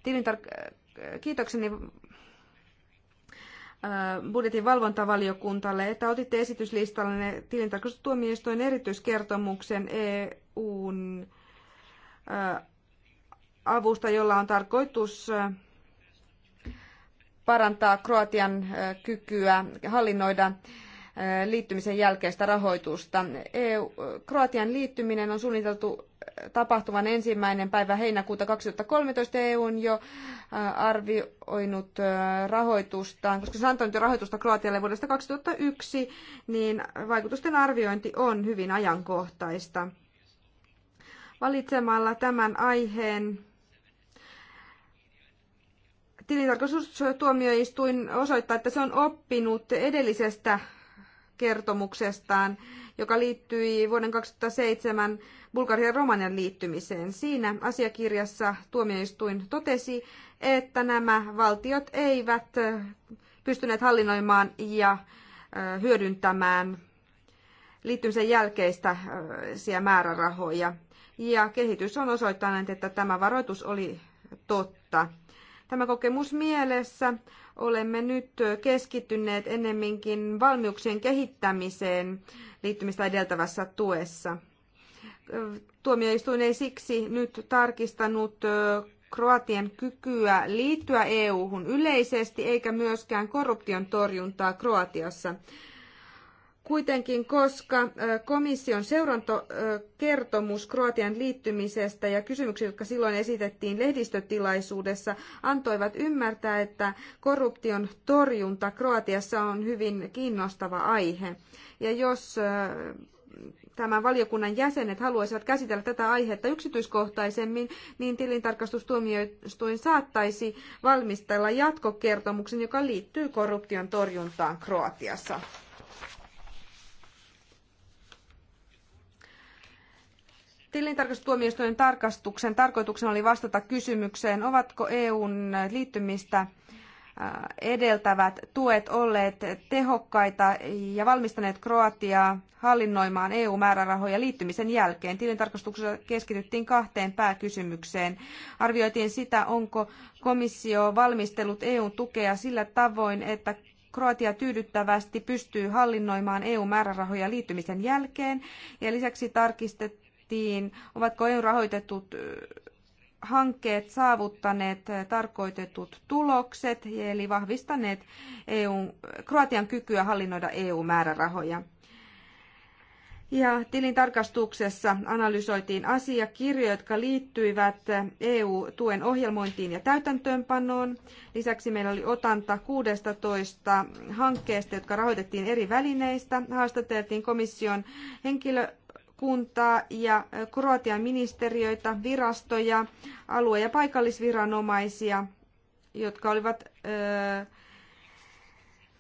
tilintar- kiitokseni äh, budjetin valvontavaliokuntalle, että otitte esityslistalle tilintarkastustuomioistuin erityiskertomuksen EUn äh, avusta, jolla on tarkoitus äh, parantaa Kroatian kykyä hallinnoida liittymisen jälkeistä rahoitusta. EU, Kroatian liittyminen on suunniteltu tapahtuvan ensimmäinen päivä heinäkuuta 2013 EU on jo arvioinut rahoitustaan, koska se antoi rahoitusta Kroatialle vuodesta 2001, niin vaikutusten arviointi on hyvin ajankohtaista. Valitsemalla tämän aiheen tilintarkastustuomioistuin osoittaa, että se on oppinut edellisestä kertomuksestaan, joka liittyi vuoden 2007 Bulgarian ja Romanian liittymiseen. Siinä asiakirjassa tuomioistuin totesi, että nämä valtiot eivät pystyneet hallinnoimaan ja hyödyntämään liittymisen jälkeistä määrärahoja. Ja kehitys on osoittanut, että tämä varoitus oli totta. Tämä kokemus mielessä olemme nyt keskittyneet enemminkin valmiuksien kehittämiseen liittymistä edeltävässä tuessa. Tuomioistuin ei siksi nyt tarkistanut Kroatian kykyä liittyä EU-hun yleisesti eikä myöskään korruption torjuntaa Kroatiassa. Kuitenkin, koska komission seurantokertomus Kroatian liittymisestä ja kysymykset, jotka silloin esitettiin lehdistötilaisuudessa, antoivat ymmärtää, että korruption torjunta Kroatiassa on hyvin kiinnostava aihe. Ja jos tämän valiokunnan jäsenet haluaisivat käsitellä tätä aihetta yksityiskohtaisemmin, niin tilintarkastustuomioistuin saattaisi valmistella jatkokertomuksen, joka liittyy korruption torjuntaan Kroatiassa. Tilintarkastustuomioistuimen tarkastuksen tarkoituksena oli vastata kysymykseen, ovatko EUn liittymistä äh, edeltävät tuet olleet tehokkaita ja valmistaneet Kroatiaa hallinnoimaan EU-määrärahoja liittymisen jälkeen. Tilintarkastuksessa keskityttiin kahteen pääkysymykseen. Arvioitiin sitä, onko komissio valmistellut EU-tukea sillä tavoin, että Kroatia tyydyttävästi pystyy hallinnoimaan EU-määrärahoja liittymisen jälkeen. Ja lisäksi tarkistettiin, mietittiin, ovatko EU-rahoitetut hankkeet saavuttaneet tarkoitetut tulokset, eli vahvistaneet EU, Kroatian kykyä hallinnoida EU-määrärahoja. Ja tilintarkastuksessa analysoitiin asiakirjoja, jotka liittyivät EU-tuen ohjelmointiin ja täytäntöönpanoon. Lisäksi meillä oli otanta 16 hankkeesta, jotka rahoitettiin eri välineistä. Haastateltiin komission henkilö, kuntaa ja Kroatian ministeriöitä, virastoja, alue- ja paikallisviranomaisia, jotka olivat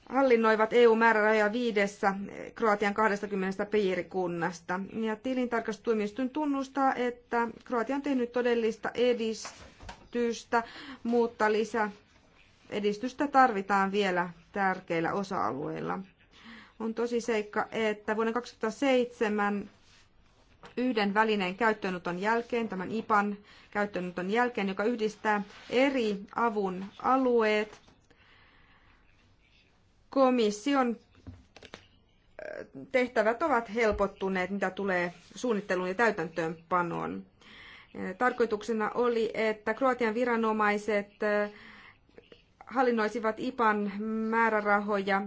hallinnoivat EU-määrärajoja viidessä Kroatian 20 piirikunnasta. Ja tilintarkastustuomioistuin tunnustaa, että Kroatia on tehnyt todellista edistystä, mutta lisä edistystä tarvitaan vielä tärkeillä osa-alueilla. On tosi seikka, että vuonna 2007 yhden välineen käyttöönoton jälkeen, tämän IPAN käyttöönoton jälkeen, joka yhdistää eri avun alueet. Komission eh, tehtävät ovat helpottuneet, mitä tulee suunnitteluun ja täytäntöönpanoon. Eh, tarkoituksena oli, että Kroatian viranomaiset eh, hallinnoisivat IPAN määrärahoja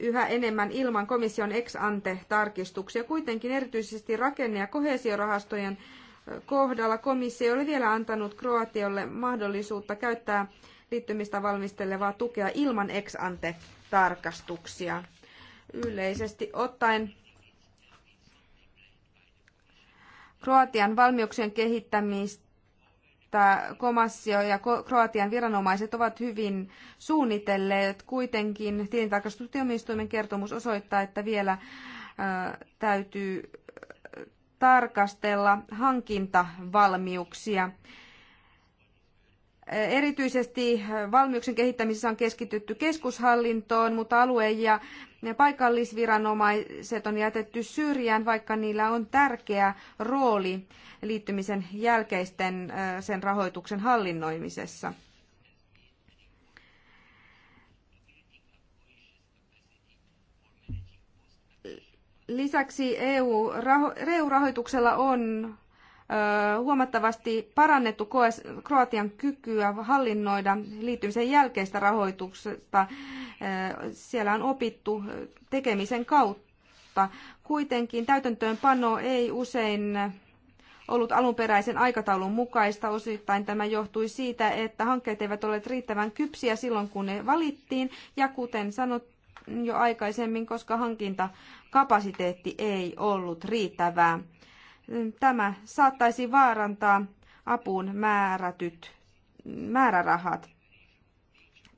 yhä enemmän ilman komission ex ante tarkistuksia. Kuitenkin erityisesti rakenne- ja kohesiorahastojen kohdalla komissio oli vielä antanut Kroatiolle mahdollisuutta käyttää liittymistä valmistelevaa tukea ilman ex ante tarkastuksia. Yleisesti ottaen Kroatian valmiuksien kehittämistä että komissio ja Kroatian viranomaiset ovat hyvin suunnitelleet. Kuitenkin tilintarkastustuomioistuimen kertomus osoittaa, että vielä täytyy tarkastella hankintavalmiuksia. Erityisesti valmiuksien kehittämisessä on keskitytty keskushallintoon, mutta alueen ja ne paikallisviranomaiset on jätetty syrjään, vaikka niillä on tärkeä rooli liittymisen jälkeisten sen rahoituksen hallinnoimisessa. Lisäksi EU-rahoituksella on huomattavasti parannettu Kroatian kykyä hallinnoida liittymisen jälkeistä rahoituksesta. Siellä on opittu tekemisen kautta. Kuitenkin täytäntöönpano ei usein ollut alunperäisen aikataulun mukaista. Osittain tämä johtui siitä, että hankkeet eivät ole riittävän kypsiä silloin, kun ne valittiin. Ja kuten sanottu, jo aikaisemmin, koska hankintakapasiteetti ei ollut riittävää. Mm, tämä saattaisi vaarantaa apuun määrätyt määrärahat.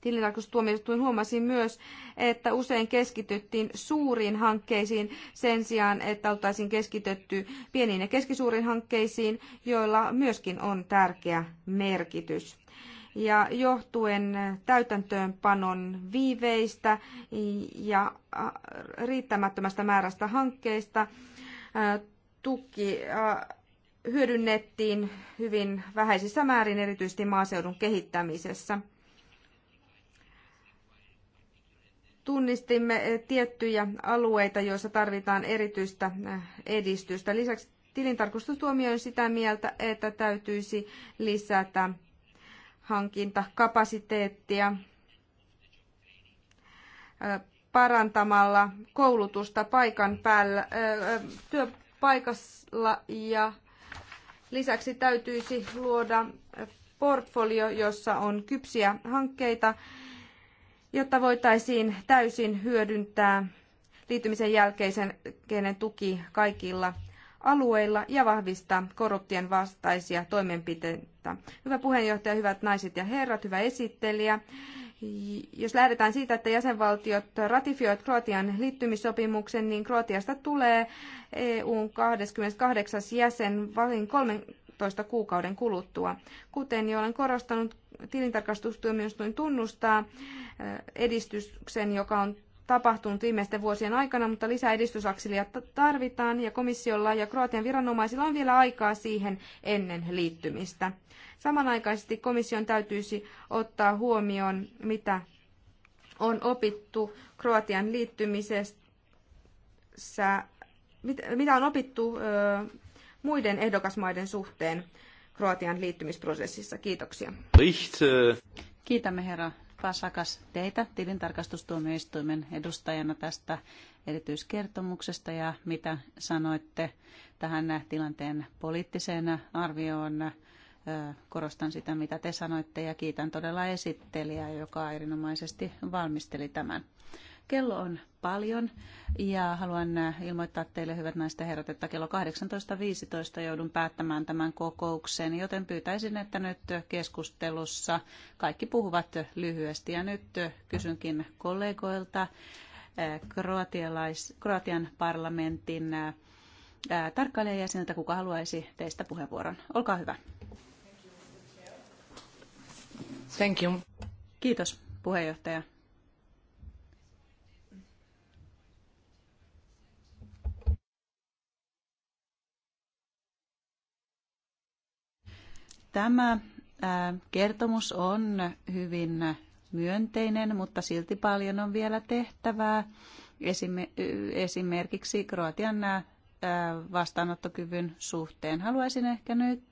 Tilintarkastustuomioistuin huomasi myös, että usein keskityttiin suuriin hankkeisiin sen sijaan, että oltaisiin keskitetty pieniin ja keskisuuriin hankkeisiin, joilla myöskin on tärkeä merkitys. Ja johtuen täytäntöönpanon viiveistä ja riittämättömästä määrästä hankkeista, tuki hyödynnettiin hyvin vähäisissä määrin, erityisesti maaseudun kehittämisessä. Tunnistimme tiettyjä alueita, joissa tarvitaan erityistä edistystä. Lisäksi tilintarkastustuomio on sitä mieltä, että täytyisi lisätä hankintakapasiteettia parantamalla koulutusta paikan päällä, paikalla ja lisäksi täytyisi luoda portfolio, jossa on kypsiä hankkeita, jotta voitaisiin täysin hyödyntää liittymisen jälkeisen kenen tuki kaikilla alueilla ja vahvistaa korruption vastaisia toimenpiteitä. Hyvä puheenjohtaja, hyvät naiset ja herrat, hyvä esittelijä. Jos lähdetään siitä, että jäsenvaltiot ratifioivat Kroatian liittymissopimuksen, niin Kroatiasta tulee EUn 28. jäsen valin 13 kuukauden kuluttua. Kuten jo olen korostanut, tilintarkastustuomioistuin tunnustaa eh, edistyksen, joka on tapahtunut viimeisten vuosien aikana, mutta lisää edistysakselia tarvitaan ja komissiolla ja Kroatian viranomaisilla on vielä aikaa siihen ennen liittymistä. Samanaikaisesti komission täytyisi ottaa huomioon, mitä on opittu Kroatian liittymisessä, mitä on opittu muiden ehdokasmaiden suhteen Kroatian liittymisprosessissa. Kiitoksia. Kiitämme herra Pasakas teitä tilintarkastustuomioistuimen edustajana tästä erityiskertomuksesta ja mitä sanoitte tähän tilanteen poliittiseen arvioon korostan sitä, mitä te sanoitte ja kiitän todella esittelijää, joka erinomaisesti valmisteli tämän. Kello on paljon ja haluan ilmoittaa teille, hyvät naiset ja herrat, että kello 18.15 joudun päättämään tämän kokouksen, joten pyytäisin, että nyt keskustelussa kaikki puhuvat lyhyesti. Ja nyt kysynkin kollegoilta Kroatian parlamentin tarkkailijajäseniltä, kuka haluaisi teistä puheenvuoron. Olkaa hyvä. Thank you. Kiitos, puheenjohtaja. Tämä äh, kertomus on hyvin myönteinen, mutta silti paljon on vielä tehtävää. Esimerkiksi Kroatian äh, vastaanottokyvyn suhteen. Haluaisin ehkä nyt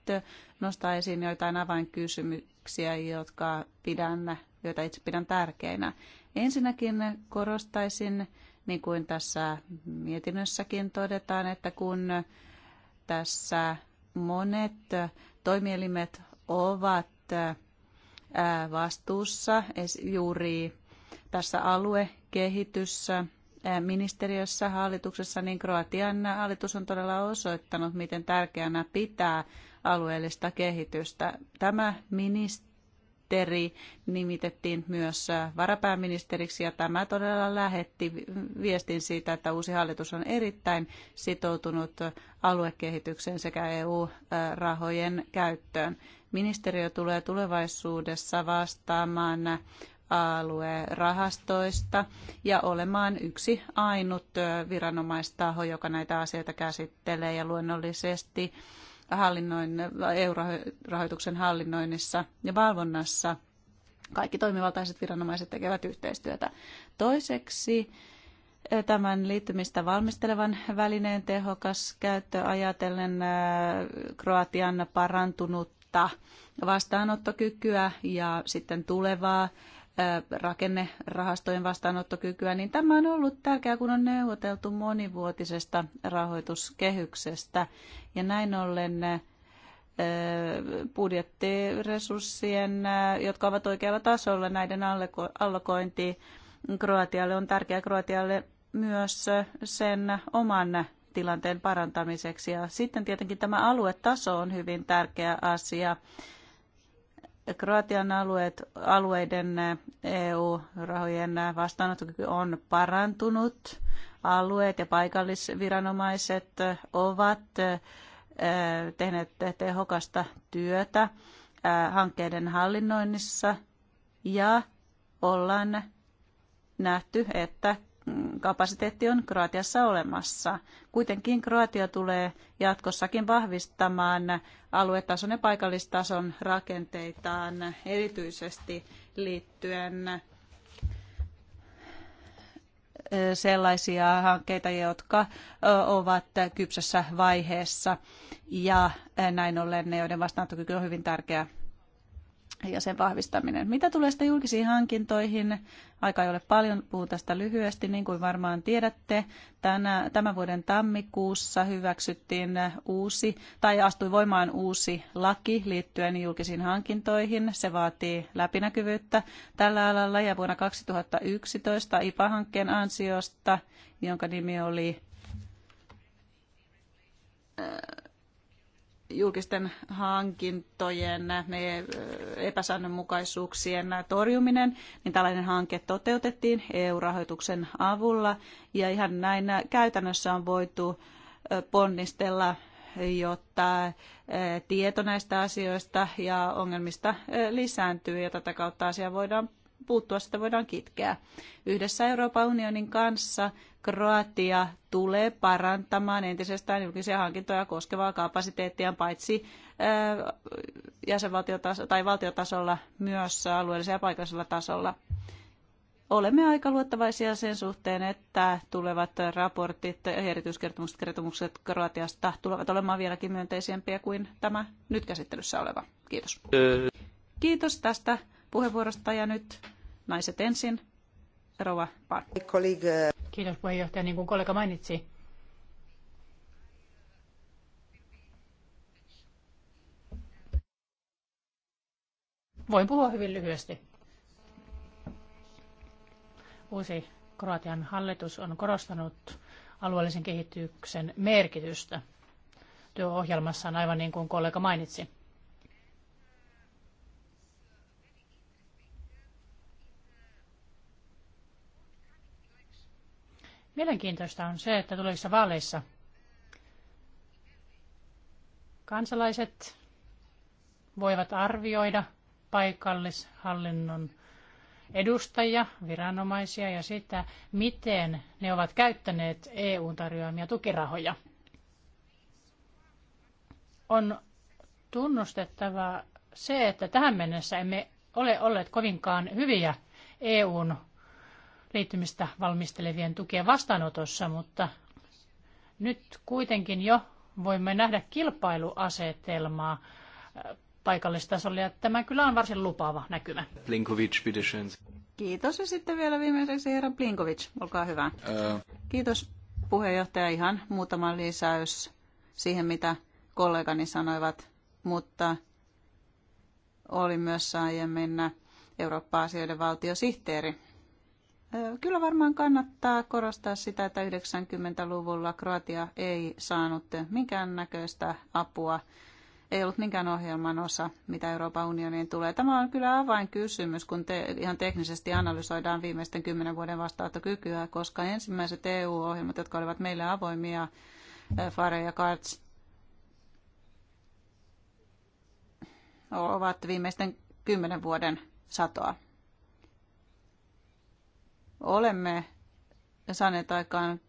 nostaa esiin joitain avainkysymyksiä kysymyksiä, jotka pidän, joita itse pidän tärkeinä. Ensinnäkin korostaisin, niin kuin tässä mietinnössäkin todetaan, että kun tässä monet toimielimet ovat vastuussa juuri tässä aluekehityssä, ministeriössä, hallituksessa, niin Kroatian hallitus on todella osoittanut, miten tärkeänä pitää alueellista kehitystä. Tämä ministeri nimitettiin myös varapääministeriksi ja tämä todella lähetti viestin siitä, että uusi hallitus on erittäin sitoutunut aluekehitykseen sekä EU-rahojen käyttöön. Ministeriö tulee tulevaisuudessa vastaamaan aluerahastoista ja olemaan yksi ainut viranomaistaho, joka näitä asioita käsittelee ja luonnollisesti hallinnoin, EU-rahoituksen hallinnoinnissa ja valvonnassa kaikki toimivaltaiset viranomaiset tekevät yhteistyötä. Toiseksi eh, tämän liittymistä valmistelevan välineen tehokas käyttö ajatellen eh, Kroatian parantunutta vastaanottokykyä ja sitten tulevaa rakennerahastojen vastaanottokykyä, niin tämä on ollut tärkeää, kun on neuvoteltu monivuotisesta rahoituskehyksestä. Ja näin ollen budjettiresurssien, jotka ovat oikealla tasolla, näiden allokointi Kroatialle on tärkeää Kroatialle myös sen oman tilanteen parantamiseksi. Ja sitten tietenkin tämä aluetaso on hyvin tärkeä asia. Kroatian alueet, alueiden eh, EU-rahojen vastaanottokyky on parantunut. Alueet ja paikallisviranomaiset eh, ovat eh, tehneet tehokasta työtä hankkeiden hallinnoinnissa ja ollaan nähty, että kapasiteetti on Kroatiassa olemassa. Kuitenkin Kroatia tulee jatkossakin vahvistamaan aluetason ja paikallistason rakenteitaan erityisesti liittyen sellaisia hankkeita, jotka ovat kypsässä vaiheessa ja näin ollen ne, joiden vastaanottokyky on hyvin tärkeä ja sen vahvistaminen. Mitä tulee sitten julkisiin hankintoihin, aika ei ole paljon, puhun tästä lyhyesti, niin kuin varmaan tiedätte, tänä, tämän vuoden tammikuussa hyväksyttiin uusi, tai astui voimaan uusi laki liittyen julkisiin hankintoihin. Se vaatii läpinäkyvyyttä tällä alalla, ja vuonna 2011 IPA-hankkeen ansiosta, jonka nimi oli julkisten hankintojen epäsäännönmukaisuuksien torjuminen, niin tällainen hanke toteutettiin EU-rahoituksen avulla. Ja ihan näin käytännössä on voitu ponnistella, jotta tieto näistä asioista ja ongelmista lisääntyy ja tätä kautta asia voidaan puuttua, sitä voidaan kitkeä. Yhdessä Euroopan unionin kanssa Kroatia tulee parantamaan entisestään julkisia hankintoja koskevaa kapasiteettia paitsi äh, jäsenvaltiotasolla tai valtiotasolla myös alueellisella ja paikallisella tasolla. Olemme aika luottavaisia sen suhteen, että tulevat raportit ja erityiskertomukset kertomukset Kroatiasta tulevat olemaan vieläkin myönteisempiä kuin tämä nyt käsittelyssä oleva. Kiitos. Kiitos tästä puheenvuorosta ja nyt naiset ensin. Rova Park. Kiitos puheenjohtaja. Niin kuin kollega mainitsi, voin puhua hyvin lyhyesti. Uusi Kroatian hallitus on korostanut alueellisen kehityksen merkitystä työohjelmassaan, aivan niin kuin kollega mainitsi. Mielenkiintoista on se, että tulevissa vaaleissa kansalaiset voivat arvioida paikallishallinnon edustajia, viranomaisia ja sitä, miten ne ovat käyttäneet EU-tarjoamia tukirahoja. On tunnustettava se, että tähän mennessä emme ole olleet kovinkaan hyviä EUn liittymistä valmistelevien tukien vastaanotossa, mutta nyt kuitenkin jo voimme nähdä kilpailuasetelmaa äh, paikallistasolla ja tämä kyllä on varsin lupaava näkymä. Blinkovic, Kiitos ja sitten vielä viimeiseksi herra Blinkovic, olkaa hyvä. Uh. Kiitos puheenjohtaja, ihan muutama lisäys siihen mitä kollegani sanoivat, mutta oli myös aiemmin Eurooppa-asioiden valtiosihteeri Kyllä varmaan kannattaa korostaa sitä, että 90-luvulla Kroatia ei saanut minkäännäköistä apua. Ei ollut minkään ohjelman osa, mitä Euroopan unioniin tulee. Tämä on kyllä avainkysymys, kun te, ihan teknisesti analysoidaan viimeisten kymmenen vuoden vastaanottokykyä, koska ensimmäiset EU-ohjelmat, jotka olivat meille avoimia, Fare ja Karts, ovat viimeisten kymmenen vuoden satoa olemme saaneet aikaan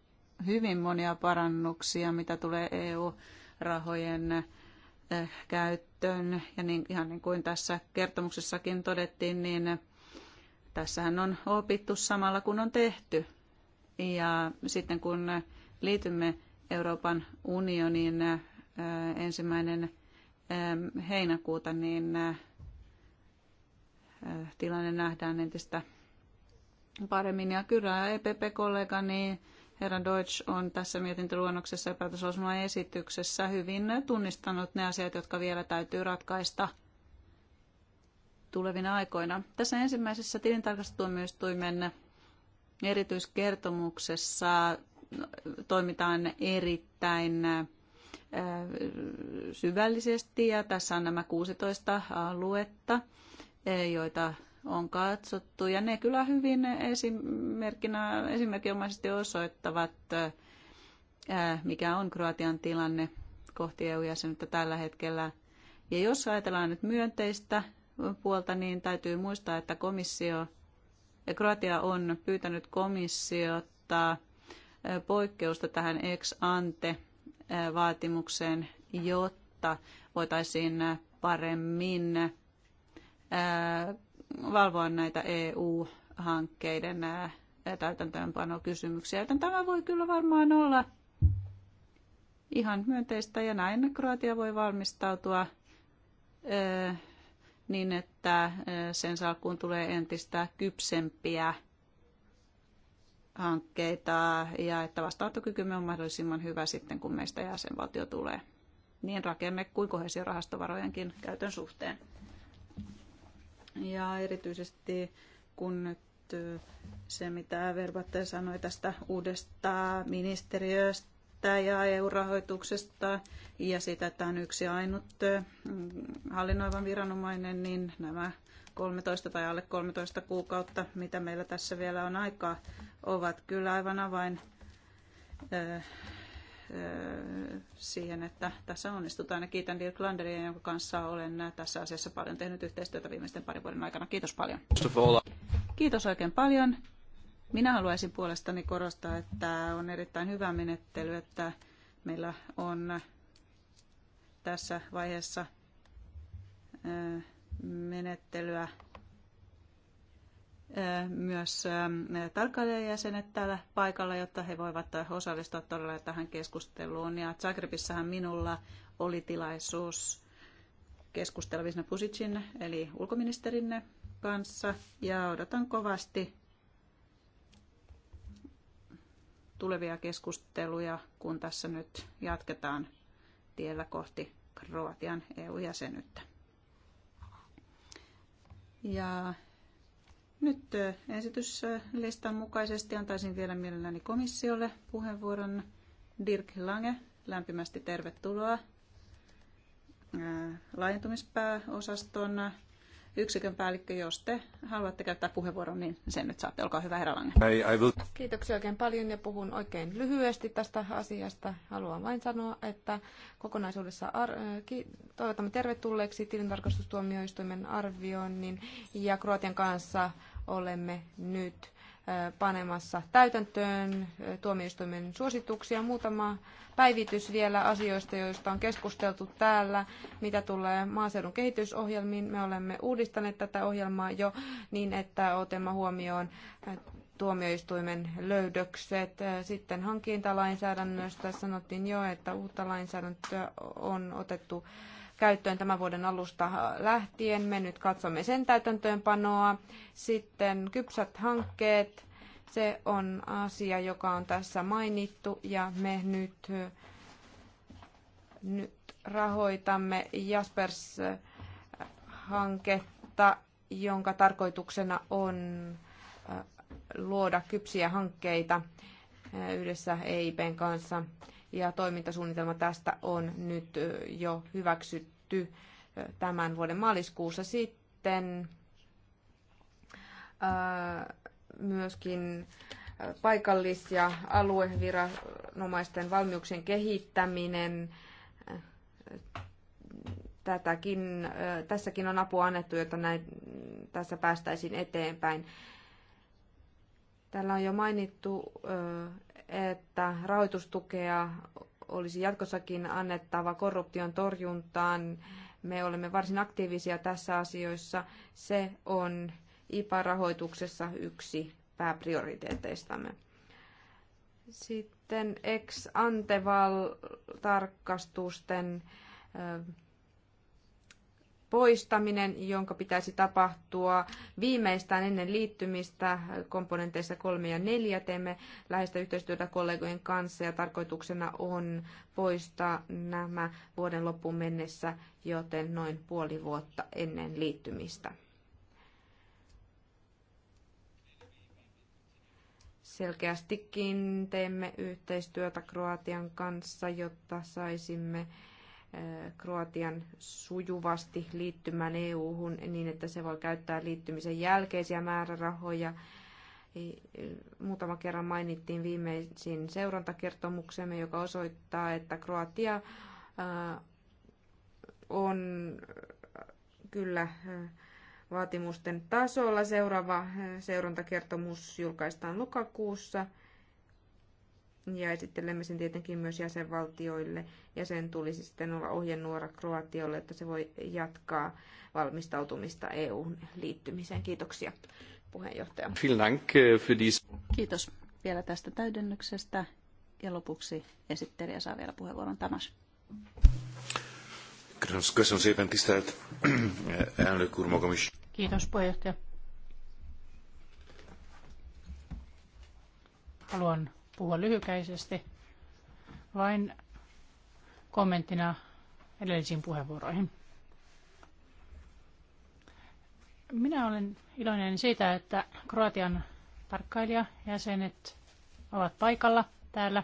hyvin monia parannuksia, mitä tulee EU-rahojen eh, käyttöön. Ja niin, ihan niin kuin tässä kertomuksessakin todettiin, niin tässähän on opittu samalla kun on tehty. Ja sitten kun liitymme Euroopan unioniin eh, ensimmäinen eh, heinäkuuta, niin tilanne nähdään entistä paremmin. Ja kyllä epp niin herra Deutsch on tässä mietintöluonnoksessa ja esityksessä hyvin tunnistanut ne asiat, jotka vielä täytyy ratkaista tulevina aikoina. Tässä ensimmäisessä tilintarkastustuomioistuimen erityiskertomuksessa toimitaan erittäin syvällisesti ja tässä on nämä 16 aluetta, joita on katsottu. Ja ne kyllä hyvin esimerkkinä, esimerkinomaisesti osoittavat, äh, mikä on Kroatian tilanne kohti EU-jäsenyyttä tällä hetkellä. Ja jos ajatellaan nyt myönteistä puolta, niin täytyy muistaa, että komissio, Kroatia on pyytänyt komissiota äh, poikkeusta tähän ex ante äh, vaatimukseen, jotta voitaisiin paremmin valvoa näitä EU-hankkeiden täytäntöönpanokysymyksiä, joten tämä voi kyllä varmaan olla ihan myönteistä ja näin Kroatia voi valmistautua niin, että sen salkkuun tulee entistä kypsempiä hankkeita ja että vastaantokykymme on mahdollisimman hyvä sitten, kun meistä jäsenvaltio tulee niin rakenne kuin kohesiorahastovarojenkin käytön suhteen. Ja erityisesti kun nyt se, mitä Verbatte sanoi tästä uudesta ministeriöstä ja EU-rahoituksesta ja sitä, että on yksi ainut hallinnoivan viranomainen, niin nämä 13 tai alle 13 kuukautta, mitä meillä tässä vielä on aikaa, ovat kyllä aivan avain siihen, että tässä onnistutaan. Ja kiitän Dirk Landeria, jonka kanssa olen tässä asiassa paljon tehnyt yhteistyötä viimeisten parin vuoden aikana. Kiitos paljon. Kiitos oikein paljon. Minä haluaisin puolestani korostaa, että on erittäin hyvä menettely, että meillä on tässä vaiheessa menettelyä myös tarkkailijajäsenet täällä paikalla, jotta he voivat osallistua todella tähän keskusteluun. Ja Zagrebissahan minulla oli tilaisuus keskustella Visna Pusicin, eli ulkoministerinne kanssa, ja odotan kovasti tulevia keskusteluja, kun tässä nyt jatketaan tiellä kohti Kroatian EU-jäsenyyttä. Ja nyt esityslistan mukaisesti antaisin vielä mielelläni komissiolle puheenvuoron Dirk Lange. Lämpimästi tervetuloa laajentumispääosaston yksikön päällikkö, jos te haluatte käyttää puheenvuoron, niin sen nyt saatte. Olkaa hyvä, herra Lange. Kiitoksia oikein paljon ja puhun oikein lyhyesti tästä asiasta. Haluan vain sanoa, että kokonaisuudessa ar- toivotamme tervetulleeksi tilintarkastustuomioistuimen arvioinnin ja Kroatian kanssa olemme nyt panemassa täytäntöön tuomioistuimen suosituksia. Muutama päivitys vielä asioista, joista on keskusteltu täällä, mitä tulee maaseudun kehitysohjelmiin. Me olemme uudistaneet tätä ohjelmaa jo niin, että otamme huomioon tuomioistuimen löydökset. Sitten hankintalainsäädännöstä sanottiin jo, että uutta lainsäädäntöä on otettu käyttöön tämän vuoden alusta lähtien. Me nyt katsomme sen täytäntöönpanoa. Sitten kypsät hankkeet, se on asia, joka on tässä mainittu ja me nyt, nyt rahoitamme Jaspers-hanketta, äh, jonka tarkoituksena on äh, luoda kypsiä hankkeita äh, yhdessä EIPn kanssa ja toimintasuunnitelma tästä on nyt jo hyväksytty tämän vuoden maaliskuussa sitten. Myöskin paikallis- ja alueviranomaisten valmiuksien kehittäminen. Tätäkin, tässäkin on apua annettu, jotta näin, tässä päästäisiin eteenpäin. Täällä on jo mainittu että rahoitustukea olisi jatkossakin annettava korruption torjuntaan. Me olemme varsin aktiivisia tässä asioissa. Se on IPA-rahoituksessa yksi pääprioriteeteistamme. Sitten ex-anteval-tarkastusten poistaminen, jonka pitäisi tapahtua viimeistään ennen liittymistä komponenteissa 3 ja 4. Teemme läheistä yhteistyötä kollegojen kanssa ja tarkoituksena on poistaa nämä vuoden loppuun mennessä, joten noin puoli vuotta ennen liittymistä. Selkeästikin teemme yhteistyötä Kroatian kanssa, jotta saisimme Kroatian sujuvasti liittymään EU-hun niin, että se voi käyttää liittymisen jälkeisiä määrärahoja. Muutama kerran mainittiin viimeisin seurantakertomuksemme, joka osoittaa, että Kroatia on kyllä vaatimusten tasolla. Seuraava seurantakertomus julkaistaan lokakuussa – ja esittelemme sen tietenkin myös jäsenvaltioille. Ja sen tulisi sitten olla ohjenuora Kroatiolle, että se voi jatkaa valmistautumista EUn liittymiseen. Kiitoksia puheenjohtaja. Äh, Kiitos vielä tästä täydennyksestä. Ja lopuksi esittelijä saa vielä puheenvuoron Tamas. Kiitos puheenjohtaja. Haluan puhua lyhykäisesti. Vain kommenttina edellisiin puheenvuoroihin. Minä olen iloinen siitä, että Kroatian tarkkailijajäsenet ovat paikalla täällä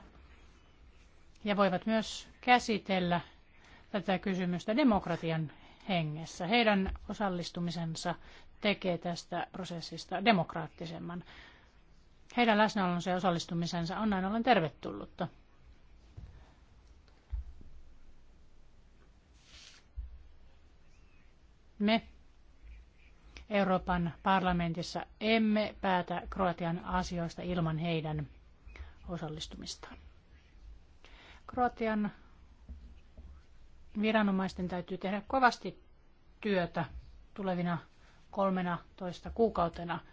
ja voivat myös käsitellä tätä kysymystä demokratian hengessä. Heidän osallistumisensa tekee tästä prosessista demokraattisemman. Heidän läsnäolonsa ja osallistumisensa on näin ollen tervetullutta. Me Euroopan parlamentissa emme päätä Kroatian asioista ilman heidän osallistumistaan. Kroatian viranomaisten täytyy tehdä kovasti työtä tulevina 13 kuukautena –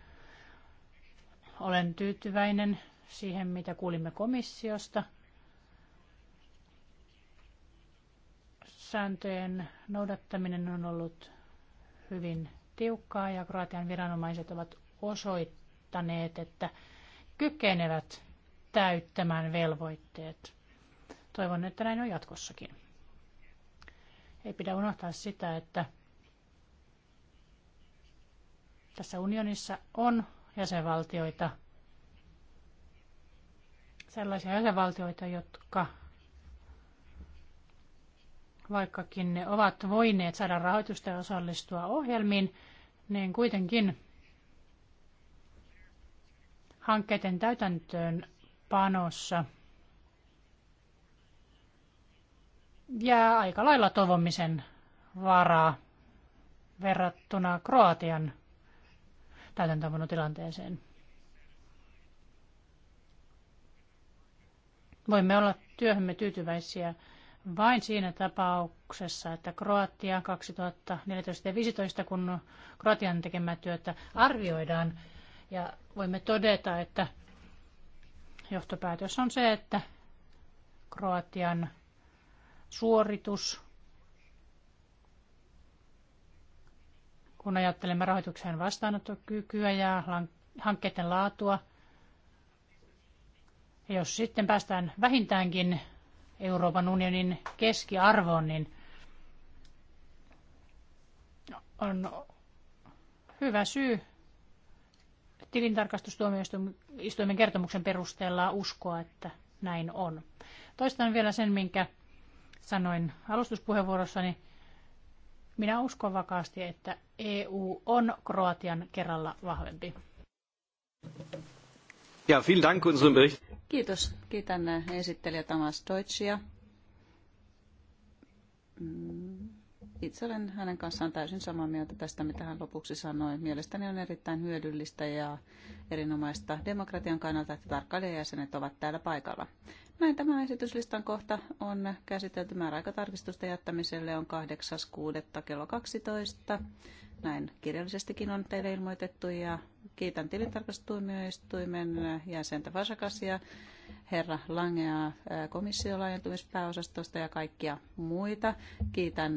olen tyytyväinen siihen, mitä kuulimme komissiosta. Sääntöjen noudattaminen on ollut hyvin tiukkaa ja Kroatian viranomaiset ovat osoittaneet, että kykenevät täyttämään velvoitteet. Toivon, että näin on jatkossakin. Ei pidä unohtaa sitä, että tässä unionissa on jäsenvaltioita, sellaisia jäsenvaltioita, jotka vaikkakin ne ovat voineet saada rahoitusta ja osallistua ohjelmiin, niin kuitenkin hankkeiden täytäntöön panossa jää aika lailla tovomisen varaa verrattuna Kroatian tilanteeseen. Voimme olla työhömme tyytyväisiä vain siinä tapauksessa, että Kroatia 2014 ja 2015, kun Kroatian tekemää työtä arvioidaan, ja voimme todeta, että johtopäätös on se, että Kroatian suoritus kun ajattelemme rahoituksen vastaanottokykyä ja hankkeiden laatua. Jos sitten päästään vähintäänkin Euroopan unionin keskiarvoon, niin on hyvä syy tilintarkastustuomioistuimen kertomuksen perusteella uskoa, että näin on. Toistan vielä sen, minkä sanoin alustuspuheenvuorossani. Niin minä uskon vakaasti, että EU on Kroatian kerralla vahvempi. Ja, vielen Dank unserem Bericht. Kiitos. Kiitän esittelijä Tamas Deutschia. Mm, itse olen hänen kanssaan täysin samaa mieltä tästä, mitä hän lopuksi sanoi. Mielestäni on erittäin hyödyllistä ja erinomaista demokratian kannalta, että tarkkailijajäsenet ovat täällä paikalla. Näin tämä esityslistan kohta on käsitelty määräaikatarkistusta jättämiselle on 8.6. kello 12. Näin kirjallisestikin on teille ilmoitettu ja kiitän tilintarkastustuomioistuimen jäsentä Vasakasia herra Langea komissiolaajentumispääosastosta ja kaikkia muita. Kiitän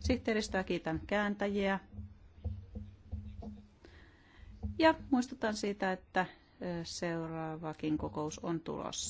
sihteeristöä, kiitän kääntäjiä. Ja muistutan siitä, että seuraavakin kokous on tulossa.